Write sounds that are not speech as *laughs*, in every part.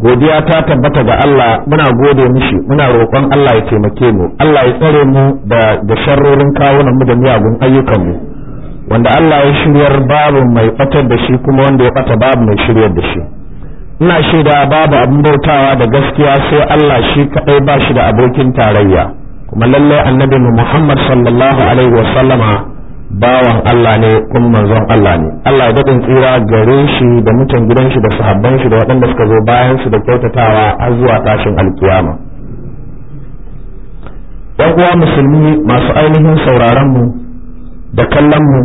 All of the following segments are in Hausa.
godiya ta tabbata ga Allah muna gode mishi muna roƙon Allah ya taimake mu Allah ya tsare mu da da sharrorin kawunan mu da miyagun ayyukan mu wanda Allah ya shiryar babu mai batar da shi kuma wanda ya fata babu mai shiryar da shi ina shaida babu abin bautawa da gaskiya sai Allah shi kadai ba shi da abokin tarayya kuma lallai annabi Muhammad sallallahu alaihi wasallama bawan Allah ne kuma manzon Allah ne Allah ya daɗin tsira gare shi da mutan gidan shi da sahabban shi da waɗanda suka zo bayan su da kyautatawa har zuwa tashin alkiyama yan uwa musulmi masu ainihin sauraron mu da kallon mu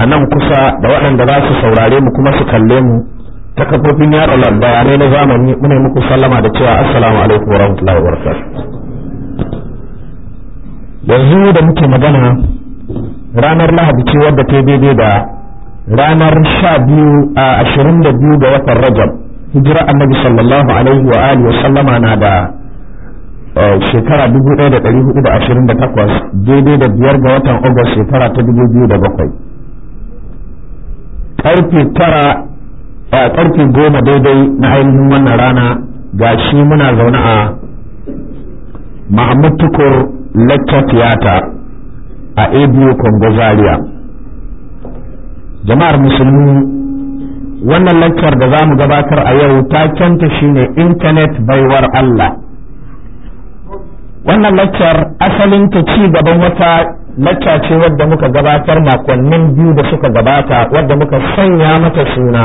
a nan kusa da waɗanda za su saurare mu kuma su kalle mu ta kafofin yaɗa bayanai na zamani muna muku sallama da cewa assalamu alaikum warahmatullahi wabarakatuh yanzu da muke magana ranar lahadi ce wadda ta daidai da ranar sha biyu a ashirin da biyu ga watan rajab hijira annabi sallallahu alaihi wa alihi wa sallama na da uh, shekara dubu ɗaya da ɗari hudu da ashirin da takwas daidai da biyar ga watan ogos shekara ta dubu biyu da bakwai ƙarfe tara a uh, ƙarfe goma daidai na ainihin wannan rana ga shi muna zaune a Mahmud Tukur Lecture Theater a abu kongo zaria jama'ar musulmi wannan lakcar da za mu gabatar a yau ta takenta shine intanet baiwar allah wannan lakcar asalin ta ci gaban wata lacca ce wadda muka gabatar makonnin biyu da suka gabata wadda muka sanya mata suna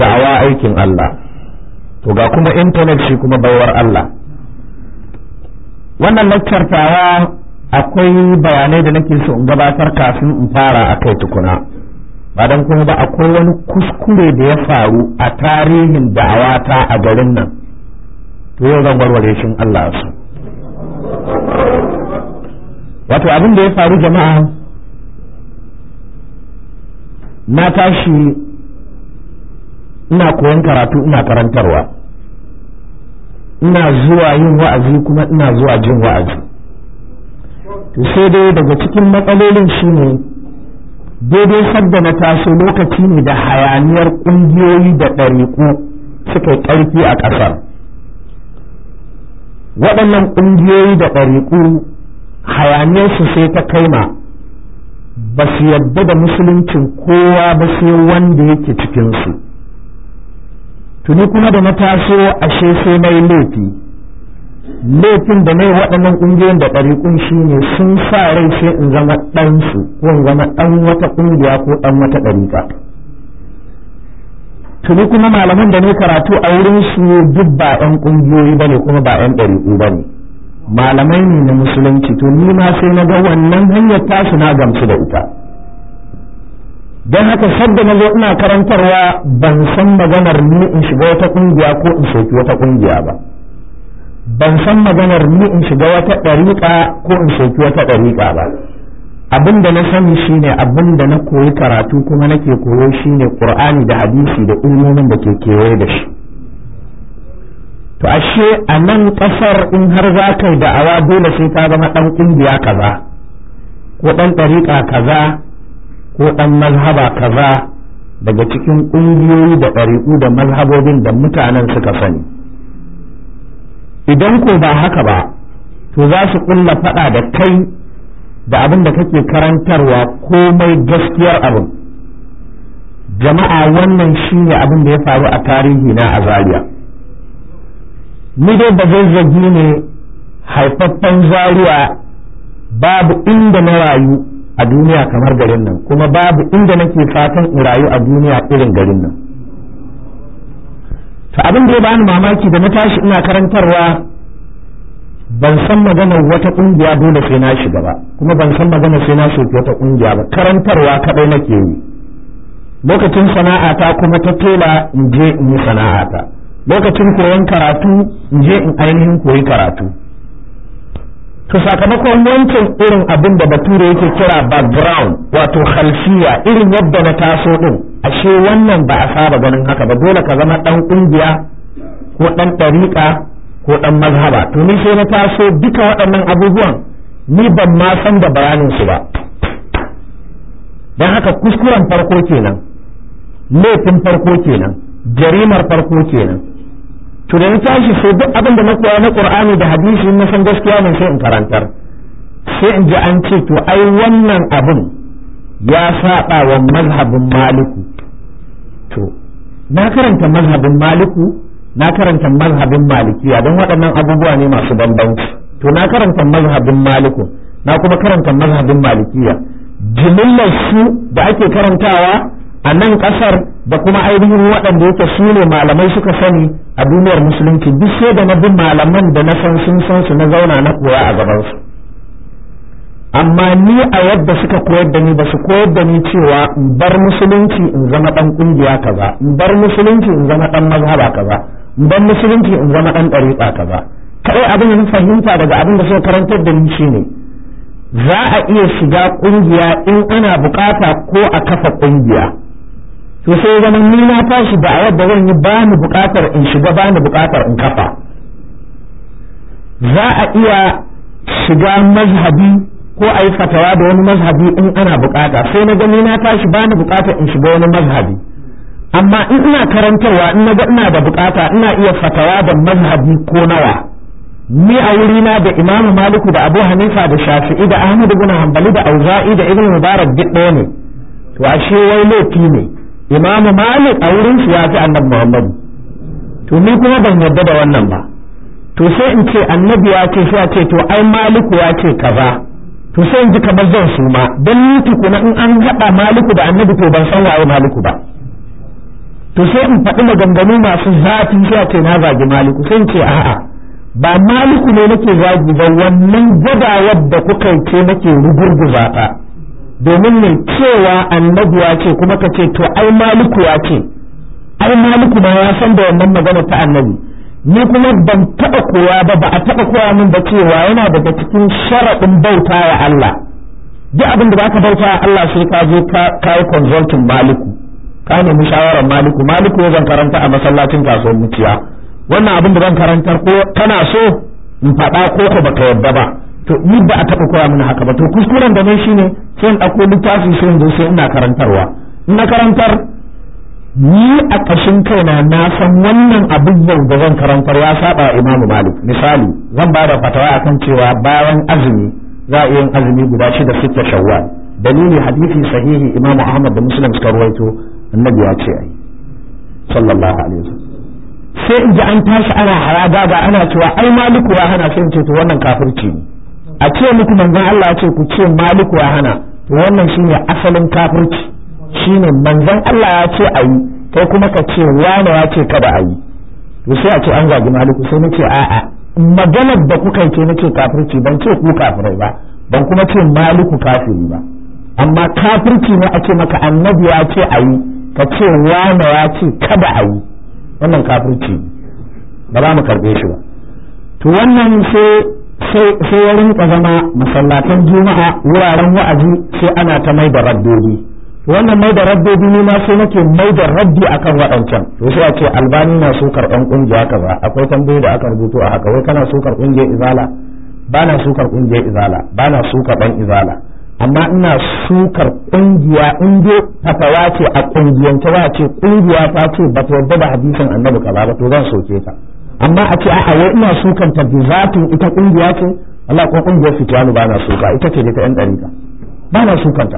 da'awa aikin Allah to ga kuma intanet shi kuma baiwar Allah wannan lakcar tawa akwai bayanai da nake so in gabatar kafin in fara a kai tukuna ba don kuma ba akwai wani kuskure da ya faru a tarihin da'awata a garin nan to yau zan warware shi Allah su wato abin da ya faru jama'a na tashi ina koyon karatu ina karantarwa ina zuwa yin wa'azi kuma ina zuwa jin wa'azi to sai dai daga cikin matsalolin shine daidai sadda na taso lokaci ne da hayaniyar ƙungiyoyi da ɗariƙu suka ƙarfi a ƙasar waɗannan ƙungiyoyi da ɗariƙu hayaniyarsu sai ta kaima ba su yadda da musuluncin kowa ba sai wanda yake cikinsu tuni kuma da na taso ashe sai na yi laifi da mai waɗannan ƙungiyoyin da ɗariƙun shi ne sun sa rai sai in zama ɗansu ko in zama ɗan wata ƙungiya ko ɗan wata ɗariƙa tuni kuma malaman da ne karatu a wurin su duk ba ƙungiyoyi ba ne kuma ba ɗariƙu ba ne malamai ne na musulunci to ni ma sai na ga wannan hanyar tasu na gamsu da ita don haka sadda na zo ina karantarwa ban san maganar ni in shiga wata kungiya ko in soki wata kungiya ba ban san maganar ni in shiga wata ɗariƙa ko in soki wata ɗariƙa ba abin da na sani shine abin da na koyi karatu kuma nake koyo shine ƙur'ani da hadisi da ilmomin da ke kewaye da shi to ashe a nan ƙasar in har za ka yi da'awa dole sai ka zama ɗan ƙungiya kaza ko ɗan ɗariƙa kaza ko ɗan mazhaba kaza daga cikin ƙungiyoyi da ɗari'u da mazhabobin da mutanen suka sani idan ko ba haka ba to za su ƙulla faɗa da kai da abin da kake karantarwa komai gaskiyar abin jama'a wannan shi ne abin da ya faru a tarihi na azariya ni dai ba zai zagi ne haifaffen zaruwa babu inda na rayu a duniya kamar garin nan kuma babu inda nake fatan in rayu a duniya irin garin nan to abin da ya bani mamaki da na tashi ina karantarwa ban san magana wata kungiya dole sai na shiga ba kuma ban san magana sai na shiga wata kungiya ba karantarwa kadai nake yi lokacin sana'a ta kuma ta tela in je in yi sana'a ta lokacin koyon karatu in je in ainihin koyi karatu to sakamakon wancan irin abin da bature yake kira background wato khalfiya irin yadda na taso din ashe wannan ba a saba ganin haka ba dole ka zama dan kungiya ko dan dariƙa ko dan mazhaba to ni sai na taso duka waɗannan abubuwan ni ban ma san da bayanin su ba dan haka kuskuren farko kenan laifin farko kenan jarimar farko kenan to da na tashi sai duk abin da na koya na qur'ani da hadisi na san gaskiya ne sai in karanta sai in ji an ce to ai wannan abin ya saba wa mazhabin maliku to na karanta mazhabin maliku na karanta mazhabin malikiya don waɗannan abubuwa ne masu bambanci to na karanta mazhabin maliku na kuma karanta mazhabin malikiya jimillar su da ake karantawa a nan kasar. da kuma ainihin waɗanda yake su ne malamai suka sani a duniyar musulunci duk sai da na bin malaman da na san sun san su na zauna na koya a gabansu amma ni a yadda suka koyar da ni ba su koyar da ni cewa in bar musulunci in zama ɗan ƙungiya kaza in bar musulunci in zama ɗan mazhaba kaza in bar musulunci in zama ɗan ɗariƙa kaza kai abin da fahimta daga abin da suka karantar da ni shine za a iya shiga ƙungiya in ana buƙata ko a kafa ƙungiya to sai zama ni na tashi da a yadda zan yi ba ni bukatar in shiga ba ni bukatar in kafa za a iya shiga mazhabi ko a yi fatawa da wani mazhabi in ana bukata sai na ga ni na tashi ba ni bukatar in shiga wani mazhabi amma in ina karantarwa in na ga ina da bukata ina iya fatawa da mazhabi ko nawa ni a wuri na da imamu maliku da abu hanifa da shafi'i da ahmadu bin hanbali da auza'i da ibn mubarak duk ɗaya ne to ashe wai laifi ne imamu malik a wurin shi ya fi annabi muhammadu to ni kuma ban yarda da wannan ba to sai in ce annabi ya ce shi ya ce to ai maliku ya ce kaza to sai in ji kamar zan suma don ni tukuna in an haɗa maliku da annabi to ban san waye maliku ba to sai in faɗi maganganu masu zafi shi ya ce na zagi maliku sai in ce a'a ba maliku ne nake zagi ba wannan gaba yadda kuka ce nake rugurguza ta domin ne cewa annabi ya ce kuma ka ce to ai maliku ya ce ai maliku ma ya san da wannan magana ta annabi ni kuma ban taba kowa ba ba a taba kowa min ba cewa yana daga cikin sharaɗin bauta ya Allah duk abin da baka bauta ya Allah sai ka zo ka yi consulting maliku ka nemi shawarar maliku maliku ya zan karanta a masallacin kasuwar muciya wannan abin da zan karantar ko kana so in faɗa ko ka baka yadda ba to ni ba a taɓa koya min haka ba to kuskuren da ne shine sai in ɗauko littafi sai in zo sai ina karantarwa in na karantar ni a kashin kaina na san wannan abin yau da zan karantar ya saba imamu malik misali zan ba da fatawa akan cewa bayan azumi za a yin azumi guda shida sitta shawwal dalili hadisi sahihi imamu ahmad da muslim suka ruwaito annabi ya ce ai sallallahu alaihi wasallam sai in ji an tashi ana harada ba ana cewa ai maliku ya hana sai in ce to wannan kafirci ne a ce muku manzan Allah ce ku ce maliku ya hana to wannan shine asalin kafirci shine manzon Allah ya ce a yi kai kuma ka ce wane ya ce kada a to sai a ce an zagi maliku sai nace a'a maganar da kuka ce nace kafirci ban ce ku kafirai ba ban kuma ce maliku kafiri ba amma kafirci ne a maka annabi ya ce a yi ka ce wane ya ce kada a yi wannan kafirci ba za mu karbe shi ba to wannan sai sai ya rinka zama masallatan juma'a wuraren wa'azi sai ana ta mai da raddodi wannan mai da rabbobi ne ma sai nake mai da rabbi kan waɗancan to sai a ce albani na sukar ɗan ƙungiya kaza akwai tambayi da aka rubuto a haka wai kana sukar ƙungiyar izala ba na sukar ƙungiyar izala ba na sukar ɗan izala amma ina sukar ƙungiya in dai fatawa ce a ƙungiyance wace ƙungiya ta ce ba ta yarda da hadisin annabi kaza ba to zan soke ta amma a ce a wai ina sukan ta zatin ita kungiya ce Allah ko kungiyar fitiyanu ba na suka ita ce ne ta yan ɗarika ba na sukan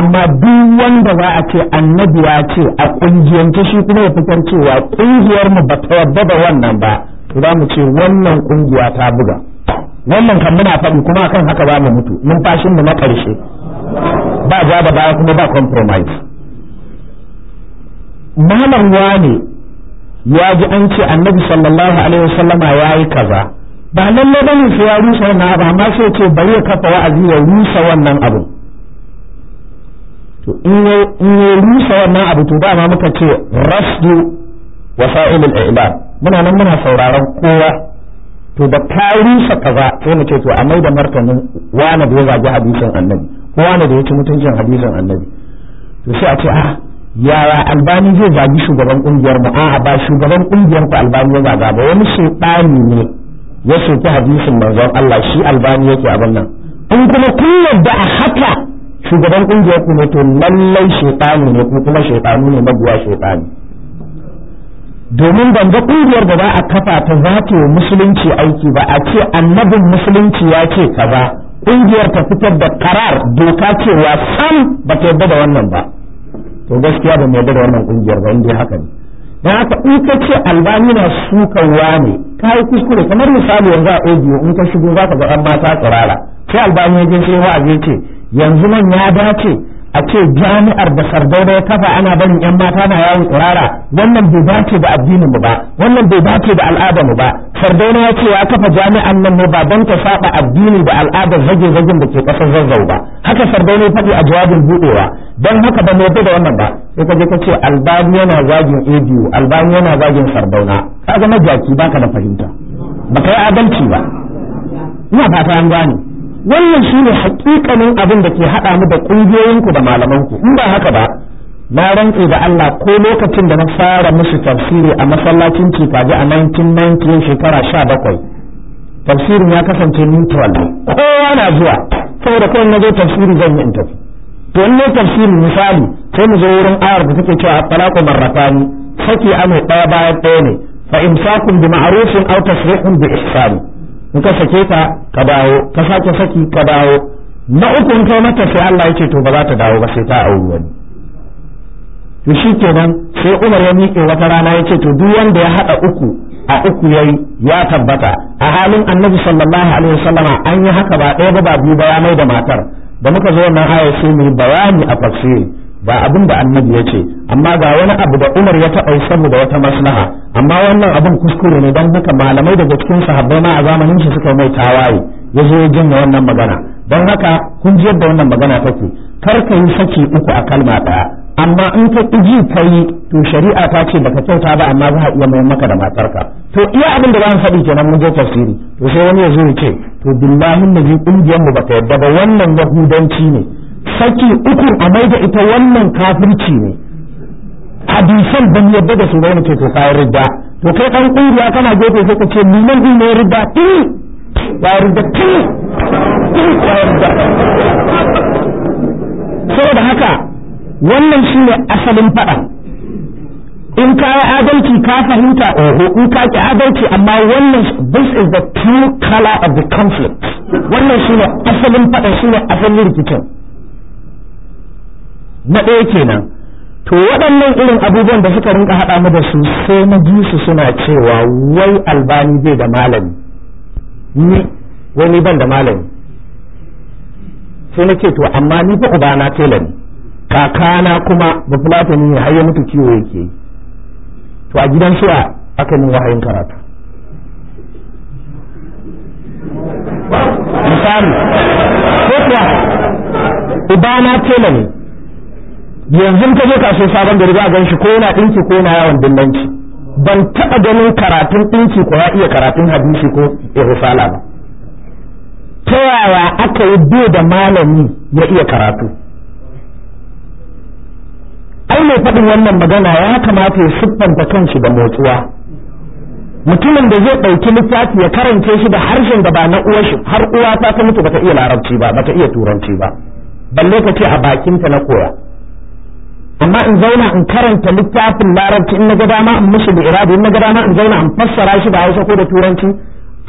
amma duk wanda za a ce annabi ya ce a ta shi kuma ya fitar cewa kungiyar mu ba ta yarda da wannan ba za mu ce wannan kungiya ta buga wannan kan muna faɗi kuma kan haka ba mu mutu numfashin mu na ƙarshe ba ja da baya kuma ba compromise malam ne. ya ji an ce annabi sallallahu alaihi wasallama ya yi kaza ba lalle bane sai ya rusa wannan abu amma sai ce bari ya kafa wa'azi ya rusa wannan abu to in ya rusa wannan abu to dama muka ce rasdu al i'lam muna nan muna sauraron kowa to da ka rusa kaza sai mu ce to a mai da martanin wani da ya zagi hadisin annabi ko wani da ya ci mutuncin hadisin annabi to sai a ce a. Ah, Yara albani zai zagi shugaban kungiyar mu a'a ba shugaban kungiyar ku albani ya zaga ba wani shaytani ne ya soki hadisin manzon Allah shi albani yake abin nan in kuma kun da a haka shugaban kungiyar ku ne to lallai shaytani ne ko kuma shaytanu ne maguwa shaytani domin banda kungiyar da ba a kafa ta za ta yi musulunci aiki ba a ce annabin musulunci ya ce kaza kungiyar ta fitar da karar doka cewa sam ba ta yarda da wannan ba to gaskiya ba mai da wannan kungiyar ba inda haka ne dan haka in ka ce albani na ne wane kai kuskure kamar misali yanzu a audio in ka shigo zaka ga an mata tsirara sai albani ya je sai wa'azi ce yanzu nan ya dace a ce jami'ar da sardauna ya kafa ana barin yan mata na yawon tsirara wannan bai dace da addinin mu ba wannan bai dace da al'adar mu ba sardauna ya ce ya kafa jami'an nan ne ba don ta saba addini da al'adar zage zagen da ke kasar zazzau ba haka sardauna ya faɗi a jawabin buɗewa don haka ba mai da wannan ba sai ka je ka ce albani yana zagin abu albani yana zagin sardauna ka na majaki baka da fahimta baka yi adalci ba ina fata an gane wannan shine hakikanin abin da ke haɗa mu da ƙungiyoyinku da malamanku in ba haka ba na rantse da Allah ko lokacin da na fara musu tafsiri a masallacin cikaji a 1990 shekara 17 tafsirin ya kasance neutral kowa na zuwa saboda kawai na zo tafsiri zan yi in tafi to tafsiri misali sai mu zo wurin ayar da take cewa talaqu marratani saki amai daya bayan daya ne fa imsakun bi ma'rufin aw tasrihun bi ihsani in ka sake ta ka dawo ka sake saki ka dawo na uku in kai mata sai Allah yake to ba za ta dawo ba sai ta auri wani to shi kenan sai Umar ya miƙe wata rana ya ce to duk wanda ya hada uku a uku yayi ya tabbata a halin Annabi sallallahu alaihi wasallama an yi haka ba ɗaya ba ba biyu ba ya mai da matar da muka zo wannan aya sai mu bayani a tafsiri ba abin da annabi ya ce amma ga wani abu da umar ya taɓa yi saboda wata maslaha amma wannan abin kuskure ne don haka malamai daga cikin sahabbai ma a zamanin shi suka mai tawaye ya zo ya janye wannan magana don haka kun ji yadda wannan magana take kar ka yi saki uku a kalma ɗaya amma in ka ji ka yi to shari'a ta ce baka kyauta ba amma za a iya mai maka da matarka to iya abin da za mu faɗi kenan mun je tafsiri to sai wani ya zo ya ce to na nabi ƙungiyar mu baka yadda ba wannan yahudanci ne saki uku a mai da ita wannan kafirci ne hadisan ban yadda da su ba wani ke to ridda to kai kan ƙungiya kana gefe sai ka ce liman ɗin ne ridda ti ba ridda ti saboda haka wannan shine asalin fada in ka yi adalci ka fahimta oho in ka ki adalci amma wannan this is the true color of the conflict wannan shine asalin fada shine asalin rikicin na ɗaya kenan to waɗannan irin abubuwan da suka rinka haɗa mu da su sai na ji su suna cewa wai albani bai da malami ni wai ni ban da malami sai na ce to amma ni fa ubana tela ne kakana kuma ba fulata ne har ya mutu kiwo yake yi to a gidan su a aka min wahayin karatu misali ko kuwa ubana tela ne yanzu ka je so sabon gari za a ganshi ko yana dinki ko yana yawon dindanci ban taɓa ganin karatun dinki ko ya iya karatun hadisi ko irisala ba ta yaya aka yi bai da malami ya iya karatu ai mai faɗin wannan magana ya kamata ya siffanta kanshi da motsuwa mutumin da zai ɗauki littafi ya karance shi da harshen da ba na uwa shi har uwa ta ta mutu bata iya larabci ba bata iya turanci ba balle ka ce a bakinta na koya amma in zauna in karanta littafin larabci in na gada dama in mishi da iradi in na gada dama in zauna in fassara shi da hausa ko da turanci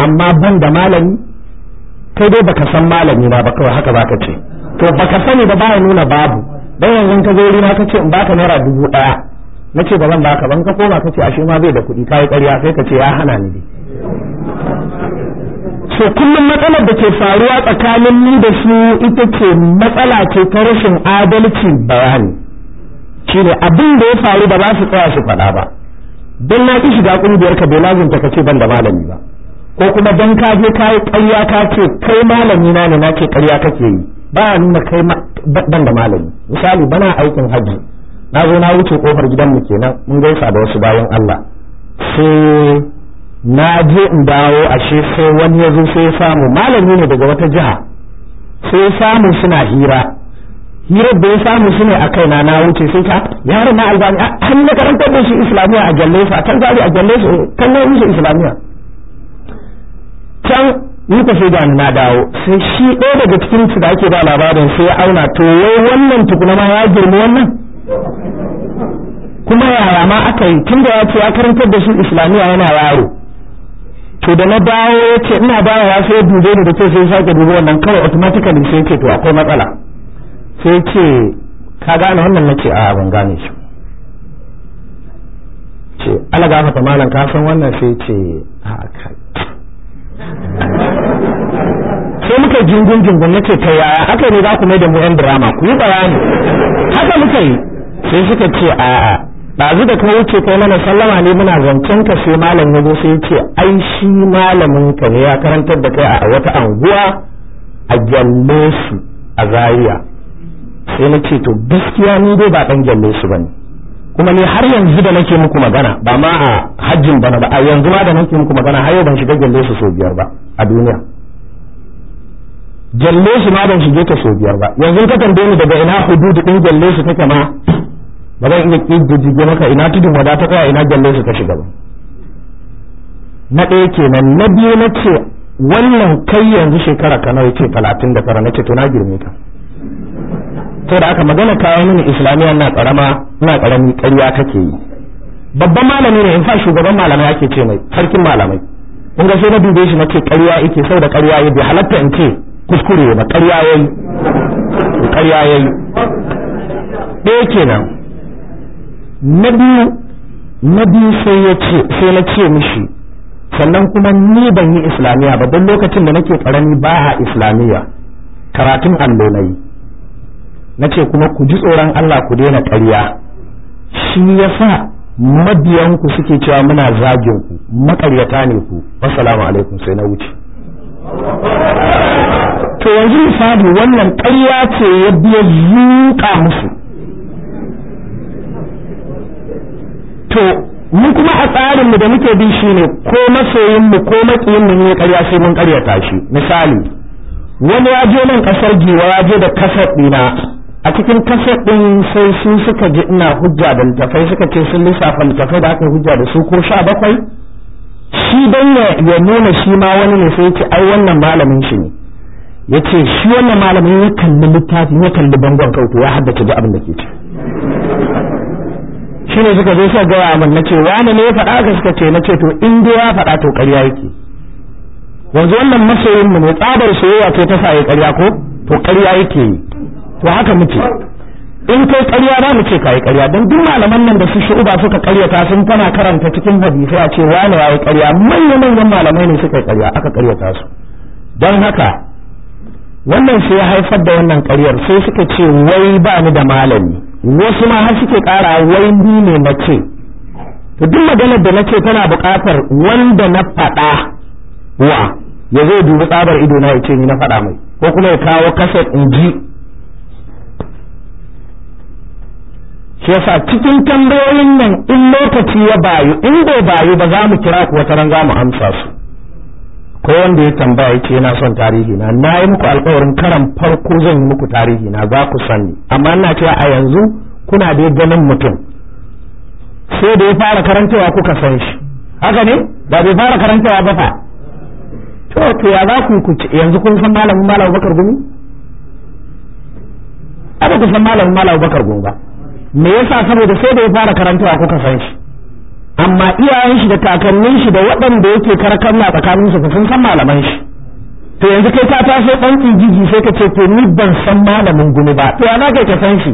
amma ban da malami kai dai baka san malami na ba kawai haka baka ce to baka sani ba baya nuna babu dan yanzu ka zo wurina kace in baka naira dubu daya nace ba zan baka ban ka koma kace ashe ma bai da kuɗi kai ƙarya sai kace ya hana ni dai so kullum matsalar da ke faruwa tsakanin ni da su ita ce matsala ce ta rashin adalcin bayani shine abin da ya faru ba za su tsaya su faɗa ba don na ki shiga ƙungiyar ka bai lazumta ka ce ban da malami ba ko kuma don ka je ka yi ƙarya ka ce kai malami na ne na ce ƙarya kake yi ba a nuna kai ban da malami misali bana aikin hajji na zo na wuce kofar gidanmu kenan mun gaisa da wasu bayan Allah sai na je in dawo ashe sai wani ya zo sai ya samu malami ne daga wata jiha sai samu suna hira Ni da ya samu su ne a kaina na wuce sai ta yaron na albani an na karanta da shi islamiyya a gyalle su a can a gyalle su kan na wuce islamiyya can ni ka sai na dawo sai shi ɗaya daga cikin su da ake ba labarin sai ya auna to wai wannan tukuna ma ya girma wannan kuma yaya ma aka yi tun da ya ce ya karantar da shi islamiyya yana yaro to da na dawo ya ce ina ya sai ya dube ni da ce sai ya sake dubi wannan kawai automatically sai ce to akwai matsala sai ce ka gane wannan na ce a ban gane shi ce ala gafa ta malam ka san wannan sai ce a kai sai muka jingun jingun na ce ta yaya haka ne za ku mai da mu yan drama ku yi bayani haka muka yi sai suka ce a a zu da kuma wuce kai mana sallama ne muna zancen ka sai malam ya zo sai ce ai shi malamin ka ne ya karantar da kai a wata anguwa a gyalle su a Zariya. sai na ce to gaskiya ni dai ba dan gyalle su bane kuma ni har yanzu da nake muku magana ba ma a hajjin bana ba a yanzu ma da nake muku magana har yau ban shiga gyalle su sau biyar ba a duniya gyalle su ma ban shige ta sau biyar ba yanzu ka tambaye ni daga ina hududu din gyalle su take ma ba zan iya kididdige maka ina tudun wada ta tsaya ina gyalle su ta shiga ba na ɗaya kenan na biyu na ce wannan kai yanzu shekara ka nawa ce talatin da tara na ce to na girme ka to da aka magana kaya mini islamiyya na karama na karamin ƙarya kake yi babban malami ne in fa shugaban malamai ake ce mai sarkin malamai in ga sai na dube shi nace ƙarya yake sau da ƙarya yayi bai halatta in ce kuskure ba ƙarya yayi ƙarya yayi ɗaya kenan na biyu na sai ya ce sai na ce mishi sannan kuma ni ban yi islamiyya ba don lokacin da nake karami ba ha islamiyya karatun allo na yi na ce kuma ku ji tsoron Allah ku daina ƙarya shi ya sa mabiyanku suke cewa muna zagin ku makaryata ne ku assalamu alaikum sai na wuce to yanzu misali wannan ƙarya ce ya biya zuƙa musu to mu kuma a tsarinmu da muke bi shi ne ko masoyinmu ko matsayinmu ne ƙarya sai mun ƙaryata shi misali wani ya je nan ƙasar giwa ya je da kasar ɗina a cikin kashe ɗin sai su suka ji ina hujja da littafai suka ce sun lissafa littafai da aka hujja da su ko sha bakwai shi don ya nuna shi ma wani ne sai ce ai wannan malamin shi ne ya ce shi wannan malamin ya kalli littafi ya kalli bangon kautu ya haddace ji abin da ke ci shi ne suka zo suka gaya min na ce wani ne ya faɗa ka suka ce na ce to in dai ya faɗa to ƙarya yake yanzu wannan masoyin mu ne tsabar soyayya ce ta sa ya ƙarya ko to ƙarya yake yi to haka muke in kai ƙarya za mu ce ka yi ƙarya don duk malaman nan da su shu'uba suka ƙaryata sun tana karanta cikin hadisi a ce wani ya yi ƙarya manya manyan malamai ne suka yi ƙarya aka ƙaryata su don haka wannan sai ya haifar da wannan ƙaryar sai suka ce wai ba ni da malami wasu ma har suke ƙara wai ni ne na ce to duk maganar da na ce tana buƙatar wanda na faɗa wa ya zai dubi tsabar ido na ya ce ni na faɗa mai ko kuma ya kawo kaset in ji shi yasa cikin tambayoyin nan in lokaci ya bayu in bai bayu ba za mu kira ku wata ran za mu amsa su ko wanda ya tambaya ce yana son tarihi na na yi muku alkawarin karan farko zan yi muku tarihi na za ku sani amma ina cewa a yanzu kuna da ganin mutum sai da ya fara karantawa kuka san shi haka ne da bai fara karantawa ba fa to to ya za ku yanzu kun san malamin malam bakar gumi aka ku san malamin malam bakar gumi ba me yasa saboda sai da ya fara karantawa kuka san shi amma iyayen shi da kakannin shi da waɗanda yake karkanna tsakanin su sun san malaman shi to yanzu kai ka taso dan jiji sai ka ce to ni ban san malamin gumi ba to ana kai ka san shi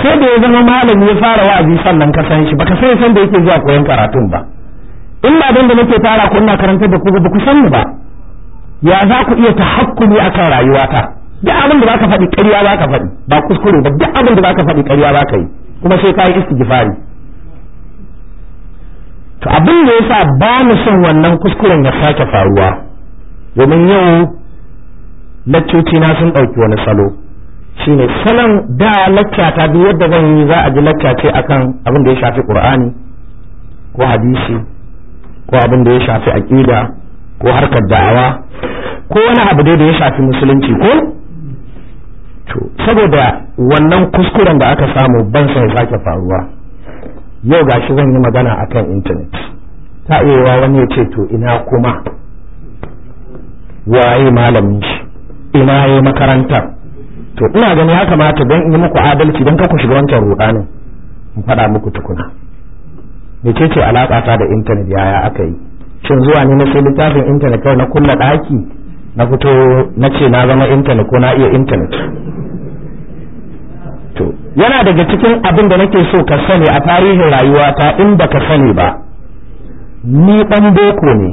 sai da ya zama malami ya fara wa'azi sannan ka san shi baka sai san da yake zuwa koyon karatun ba in ba dan da nake fara kunna karantar da ku ba ku san ni ba ya za ku iya tahakkumi akan rayuwata duk abin da zaka faɗi ƙarya zaka faɗi ba kuskure ba duk abin da zaka faɗi ƙarya zaka yi kuma sai ka yi istighfari to abin da yasa ba mu son wannan kuskuren ya sake faruwa domin yau laccoci na sun ɗauki wani salo shine salon da lacca ta duk yadda zan yi za a ji lacca ce akan abin da ya shafi qur'ani ko hadisi ko abin da ya shafi aqida ko harkar da'awa ko wani abu dai da ya shafi musulunci ko saboda wannan kuskuren da aka samu ban sai sake faruwa yau gashi zan yi magana akan intanet ta iya wani ya ce to ina kuma waye malamin shi ina ya makaranta to ina gani ya kamata don yi muku adalci don ku shiga wancan rudanin in faɗa muku tukuna mece ce alaƙa ta da intanet yaya aka yi shin zuwa ne na sai littafin intanet kawai na kulla ɗaki na fito na ce na zama intanet ko na iya intanet to yana daga cikin abin da nake so ka sani a tarihin rayuwata in ka sani ba ni dan boko ne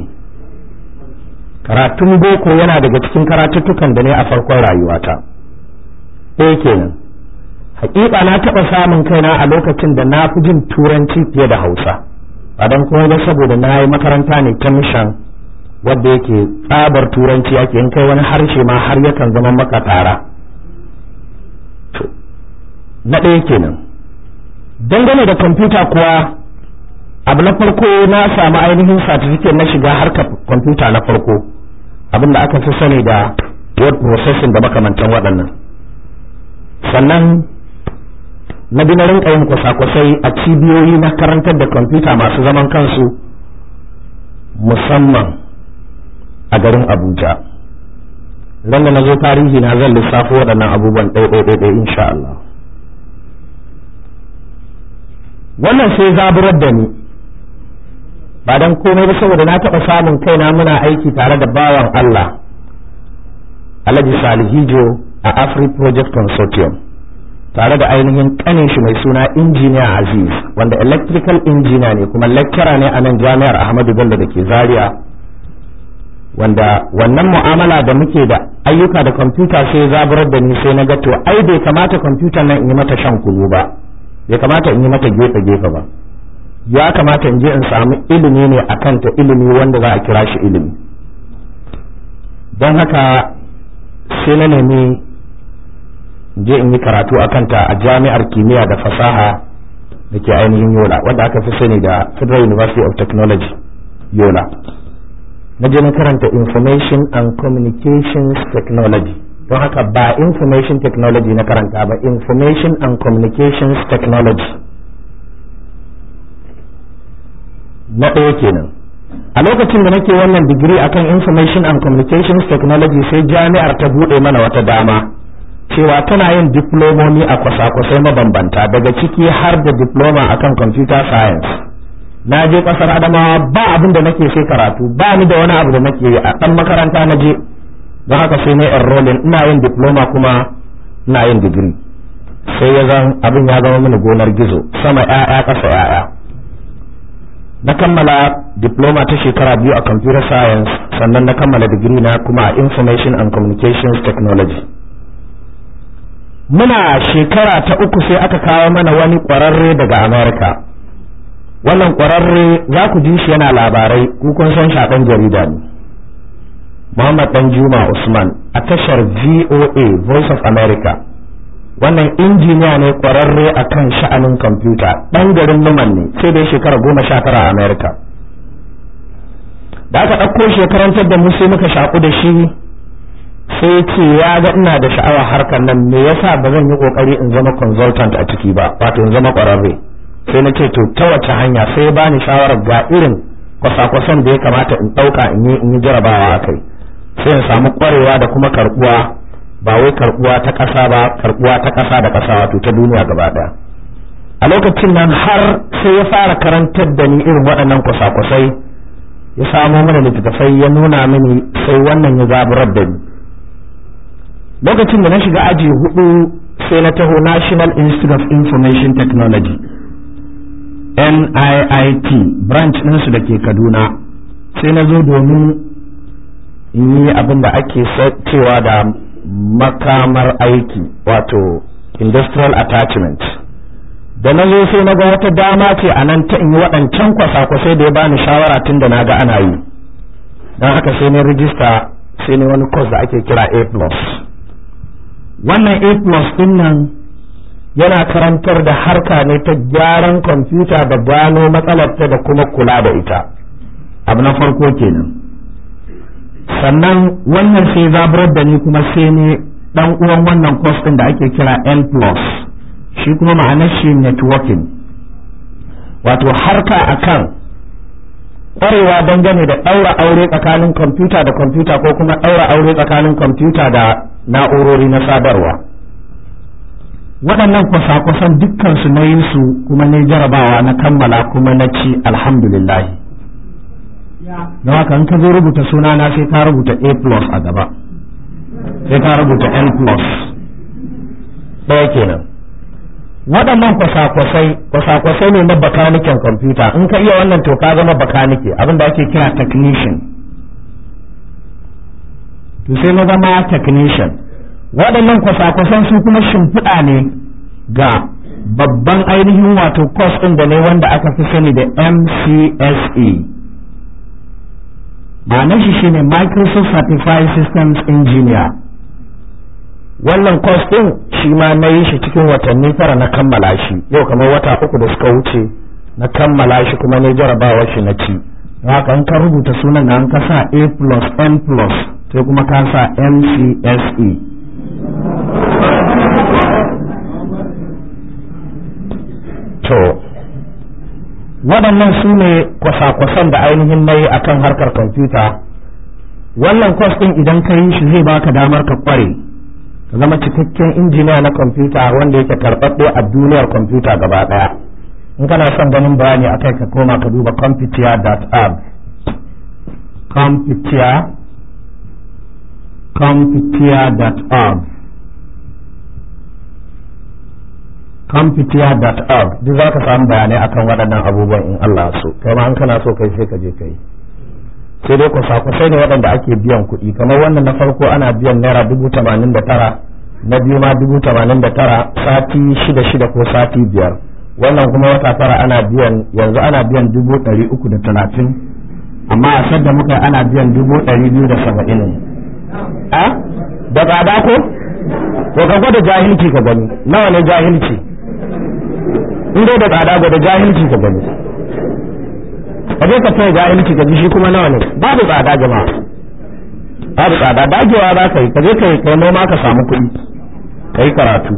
karatun boko yana daga cikin karatuttukan da ne a farkon rayuwata eh kenan hakika na taɓa samun kaina a lokacin da na fi jin turanci fiye da hausa a don kuma ba saboda na yi makaranta ne ta mishan wadda yake tsabar turanci ake in kai wani harshe ma har yakan zama maka tara na ɗaya kenan dangane da kwamfuta kuwa abu na farko na samu ainihin satifiket na shiga harka kwamfuta na farko abin da aka fi sani da word processing da makamantan waɗannan sannan na bi na rinka yin kwasa-kwasai a cibiyoyi na karantar da kwamfuta masu zaman kansu musamman a garin abuja ran na zo tarihi na zan lissafo waɗannan abubuwan ɗaiɗaiɗaiɗai insha Allah wannan sai zaburar da ni ba dan komai ba saboda na taɓa samun kaina muna aiki tare da bawan Allah Alhaji Salihijo a Afri Project Consortium tare da ainihin kanin shi mai suna injiniya Aziz wanda electrical engineer ne kuma lecturer ne a nan jami'ar Ahmadu Bello da ke Zaria wanda wannan mu'amala da muke da ayyuka da kwamfuta sai zaburar da ni sai na ga to ai bai kamata kwamfutar nan in yi mata shan kulu ba ya kamata in yi mata gefe gefe ba ya kamata in je in samu ilimi ne a kanta ilimi wanda za a kira shi ilimi don haka sai na nemi je in yi karatu a kanta a jami'ar kimiyya da fasaha da ke ainihin yola wanda aka fi sani da federal university of technology yola na je na karanta information and communications technology don haka ba information technology na karanta ba information and communications technology na ɗaya kenan a lokacin da nake wannan digiri akan information and communications technology sai jami'ar ta buɗe mana wata dama cewa tana yin diplomomi a kwasa-kwasai mabambanta daga ciki har da diploma akan computer science na je ƙasar adamawa ba abin da nake sai karatu ba ni da wani abu da nake yi a ɗan makaranta na je don haka sai na enrolling ina yin diploma kuma ina yin degree sai ya zan abin ya zama mini gonar gizo sama ya'ya ƙasa ya'ya na kammala diploma ta shekara biyu a computer science sannan na kammala degree na kuma a information and communications technology muna shekara ta uku sai aka kawo mana wani ƙwararre daga Amurika wannan ƙwararre za ku ji shi yana labarai kukun kun san shaɗan jarida ne Muhammad Dan Juma Usman a tashar VOA Voice of America wannan injiniya ne kwararre a kan sha'anin kwamfuta ɗan garin numan ne sai dai shekara goma sha tara a Amerika. da aka ɗauko shekarantar da mu sai muka shaƙu da shi sai ce ya ga ina da sha'awar harkar nan me yasa ba zan yi ƙoƙari in zama consultant a ciki ba wato in zama kwararre sai na ce to ta wace hanya sai ya bani shawarar ga irin kwasa-kwasan da ya kamata in ɗauka in yi jarabawa a kai sai ya samu kwarewa da kuma karbuwa ba wai karbuwa ta ƙasa ba karbuwa ta ƙasa da ƙasa wato ta duniya gaba ɗaya a lokacin nan har sai ya fara karantar da ni irin waɗannan kwasa-kwasai ya samo mana littattafai ya nuna mini sai wannan ya zaburar da ni lokacin da na shiga aji hudu sai na taho National Institute of Information Technology NIIT branch ɗinsu da ke Kaduna sai na zo domin yi abin da ake cewa da makamar aiki wato industrial attachment da na zo sai na ga wata dama ce a nan ta in yi waɗancan kwasa-kwasai da ya bani shawara tun da na ga ana yi don haka sai ne rijista sai ne wani kwas da ake kira a plus wannan a plus din nan yana karantar da harka ne ta gyaran kwamfuta da gano matsalar ta da kuma kula da ita abu na farko kenan sannan wannan sai zaburar da ni kuma sai ne dan uwan wannan course din da ake kira N plus shi kuma ma'anar shi networking wato harka akan kwarewa dangane da ɗaura aure tsakanin kwamfuta da kwamfuta ko kuma ɗaura aure tsakanin kwamfuta da na'urori na sadarwa waɗannan kwasa-kwasan dukkansu na yin su kuma na jarabawa na kammala kuma na ci alhamdulillahi don haka in ka zo rubuta suna na sai ka rubuta a plus a gaba sai ka rubuta n plus ɗaya kenan waɗannan kwasa-kwasai kwasa-kwasai ne na bakaniken kwamfuta in ka iya wannan to ka zama bakanike abin da ake kira technician to sai na zama technician waɗannan kwasa-kwasan su kuma shimfiɗa ne ga babban ainihin wato course ɗin da ne wanda aka fi sani da MCSE ma'anar shi shine Microsoft Certified Systems Engineer wannan course din shi ma na yi shi cikin watanni tara na kammala shi yau kamar wata uku da suka wuce na kammala shi kuma ne jarabawa shi na ci haka an ka rubuta sunan da an ka sa A plus N plus sai kuma ka sa MCSE to waɗannan su ne kwasa-kwasan da ainihin nayi kan harkar kwamfuta wannan kwas ɗin idan ka yi shi zai baka damar ka kware ka zama cikakken injiniya na kwamfuta wanda yake karɓaɓɓe a duniyar kwamfuta gaba ɗaya in kana son ganin bayani kai ka koma ka duba computia.org computia computia.org computer.org duk za ka samu bayanai akan waɗannan abubuwan in Allah so kai ma an kana so kai sai ka je kai sai dai kwasa sai ne waɗanda ake biyan kuɗi kamar wannan na farko ana biyan naira dubu tamanin da tara na biyu ma dubu tamanin da tara sati shida shida ko sati biyar wannan kuma wata tara ana biyan yanzu ana biyan dubu ɗari uku da talatin amma a sadda muka ana biyan dubu ɗari biyu da saba'in a ah? da tsada ko ko ka gwada jahilci ka gani nawa ne jahilci in dai da tsada gwada jahilci ka gani a je ka taya jahilci ka shi kuma nawa ne babu tsada gama babu tsada dagewa za ka yi ka je ka yi kai noma ka samu kuɗi ka yi karatu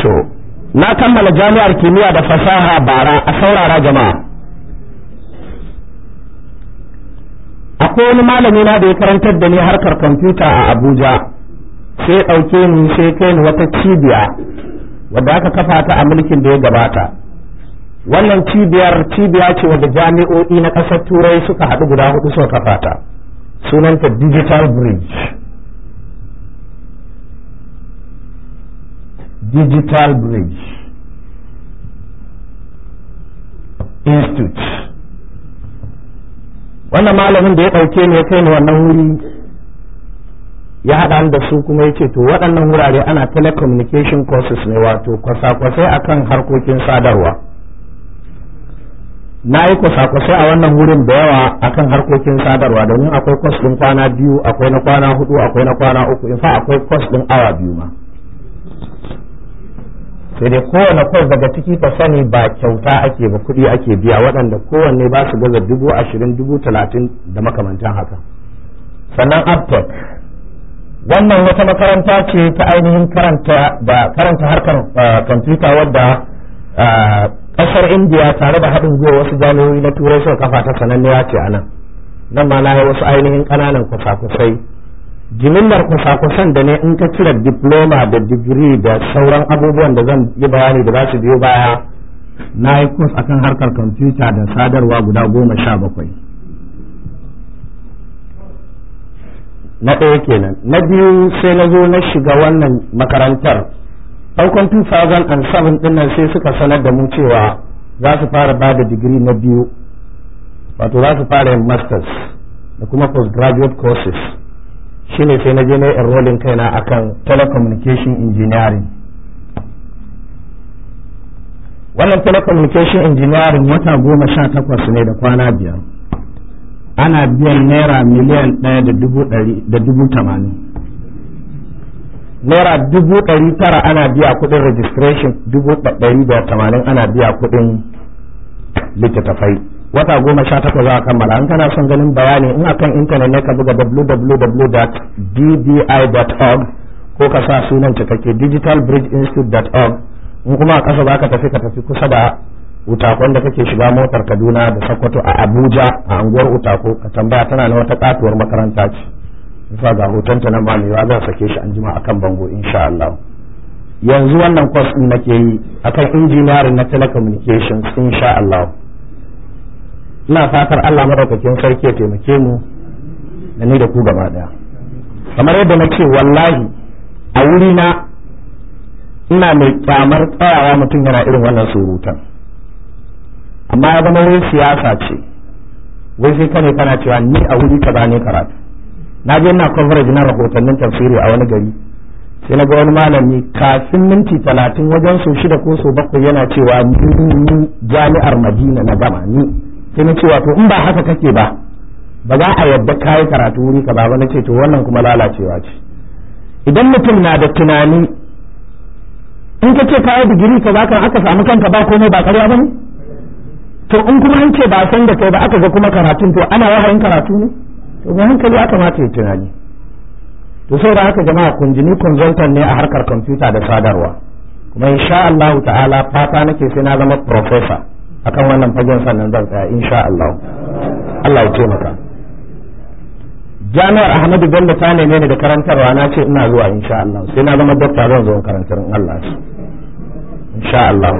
to na kammala jami'ar kimiyya da fasaha bara a saurara jama'a akwai wani malami na da ya karantar da ni harkar kwamfuta a abuja sai ɗauke ni sai kai ni wata cibiya wanda aka kafa ta a mulkin da ya gabata wannan cibiyar cibiya ce wanda jami'o'i na ƙasar turai suka haɗu guda hudu suka kafa ta sunanta digital bridge digital bridge institute wannan malamin da ya ɗauke ne ya kai ni wannan wuri ya haɗa da su kuma ya ce to waɗannan wurare ana telecommunication courses ne wato kwasa-kwasai kan harkokin sadarwa na yi kwasa-kwasai a wannan wurin da yawa a kan harkokin sadarwa domin akwai kwas ɗin kwana biyu akwai na kwana hudu akwai na kwana uku in fa akwai kwas ɗin awa biyu ma sai dai kowane kwas daga ciki ka sani ba kyauta ake ba kuɗi ake biya waɗanda kowanne ba su gaza dubu ashirin dubu talatin da makamantan haka sannan aptec wannan wata makaranta ce ta ainihin karanta da karanta harkar eh, kwamfuta wadda kasar eh, indiya tare da haɗin gwiwa wasu jami'o'i na turai suka kafa ta sananniya ce a nan nan ma na yi wasu ainihin ƙananan kusa-kusai jimillar kusa da ne in ka cire diploma da digiri da sauran abubuwan da zan yi bayani da za su biyo baya na yi kurs akan harkar kwamfuta da sadarwa guda goma sha bakwai na ɗaya kenan na biyu sai na zo na shiga wannan makarantar farkon 2007 ɗin nan sai suka sanar da mu cewa za su fara ba da digiri na biyu wato za su fara yin masters da kuma postgraduate courses shi ne sai na je na enrolling kaina akan telecommunication engineering wannan telecommunication engineering wata goma sha takwas ne da kwana biyar ana biyan naira miliyan ɗaya da dubu tamanin naira dubu ɗari tara ana biya kuɗin registration dubu ɗari da tamanin ana biya kuɗin littattafai wata goma sha takwas za a kammala an kana son ganin bayani in akan intanet ne ka buga www.dbi.org ko ka sa sunan cikakke digitalbridgeinstitute.org in kuma a ƙasa za ka tafi ka tafi kusa da utakon da kake shiga motar kaduna da sokoto a abuja a anguwar utako ka tambaya tana na wata katuwar makaranta ce nufa ga hotonta na malewa zan sake shi an jima kan bango insha Allah yanzu wannan kwas ɗin nake yi a kan injiniyarin na telecommunications insha Allah ina fatar Allah madaukakin sarki ya taimake mu da ni da ku gaba ɗaya kamar yadda na ce wallahi a wuri na ina mai kyamar tsayawa mutum yana irin wannan surutan amma ya zama wai siyasa ce wai sai ka ne kana cewa ni a wuri ka zane karatu na je ina coverage na rahotannin tafsiri a wani gari sai na ga wani malami kafin minti talatin wajen so shida ko so bakwai yana cewa ni jami'ar madina na gama ni sai na ce wato in ba haka kake ba ba za a yadda kayi karatu wuri ka ba na ce to wannan kuma lalacewa ce idan mutum na da tunani in ka ce kayi digiri ka za ka aka samu kanka ba komai ba karya ba ne to in kuma an ce ba san da kai ba aka ga kuma karatun to ana wahayin karatu ne to ga hankali aka mata yi tunani to sai da haka jama'a kunjini consultant ne a harkar computer da sadarwa kuma insha Allah ta'ala fata nake sai na zama professor akan wannan fagen sannan zan tsaya insha Allah Allah ya taimaka jami'ar Ahmadu Bello ta neme ni da karantarwa na ce ina zuwa insha Allah sai na zama doctor zan zo karantar in Allah insha Allah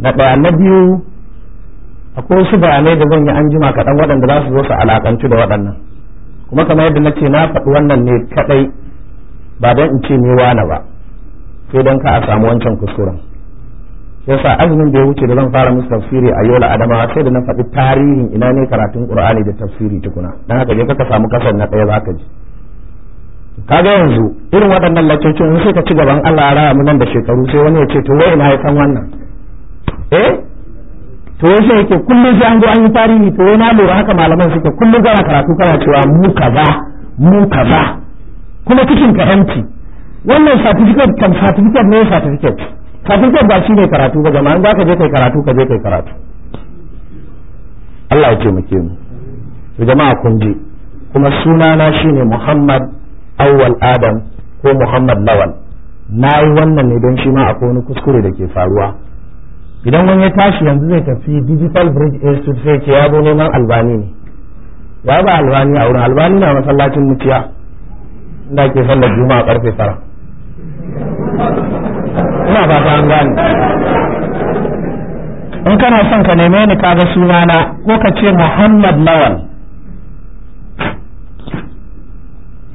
na daya na biyu akwai wasu bayanai da zan yi an jima kaɗan waɗanda za su zo su alaƙanci da waɗannan kuma kamar yadda na ce na faɗi wannan ne kaɗai ba don in ce ni wane ba sai don ka a samu wancan kuskuren yasa azumin da ya wuce da zan fara musu tafsiri a yola adamawa sai da na faɗi tarihin ina ne karatun qur'ani da tafsiri tukuna dan haka je ka samu kasar na ɗaya zaka ji ka ga yanzu irin waɗannan lakcocin sai ka ci gaban Allah ya raya nan da shekaru sai wani ya ce to wai ina ya san wannan eh to yaushe yake kullum sai an zo an yi tarihi to na lura haka malaman suke kullum gana karatu kana cewa mu kaza mu kaza kuma cikin ka wannan certificate kan certificate ne certificate certificate ba shi ne karatu ba jama'an za ka je kai karatu ka je kai karatu Allah ya muke mu to jama'a kun je kuma sunana shine Muhammad Awwal Adam ko Muhammad Lawal na yi wannan ne don shi ma akwai wani kuskure da ke faruwa idan wani ya tashi yanzu zai tafi digital bridge institute sai ce ya zo neman albani ne ya ba albani a wurin albani na masallacin muciya inda ke sallar juma'a karfe tara ina fata an gane in kana son ka neme ni kaga sunana ko ka ce muhammad lawal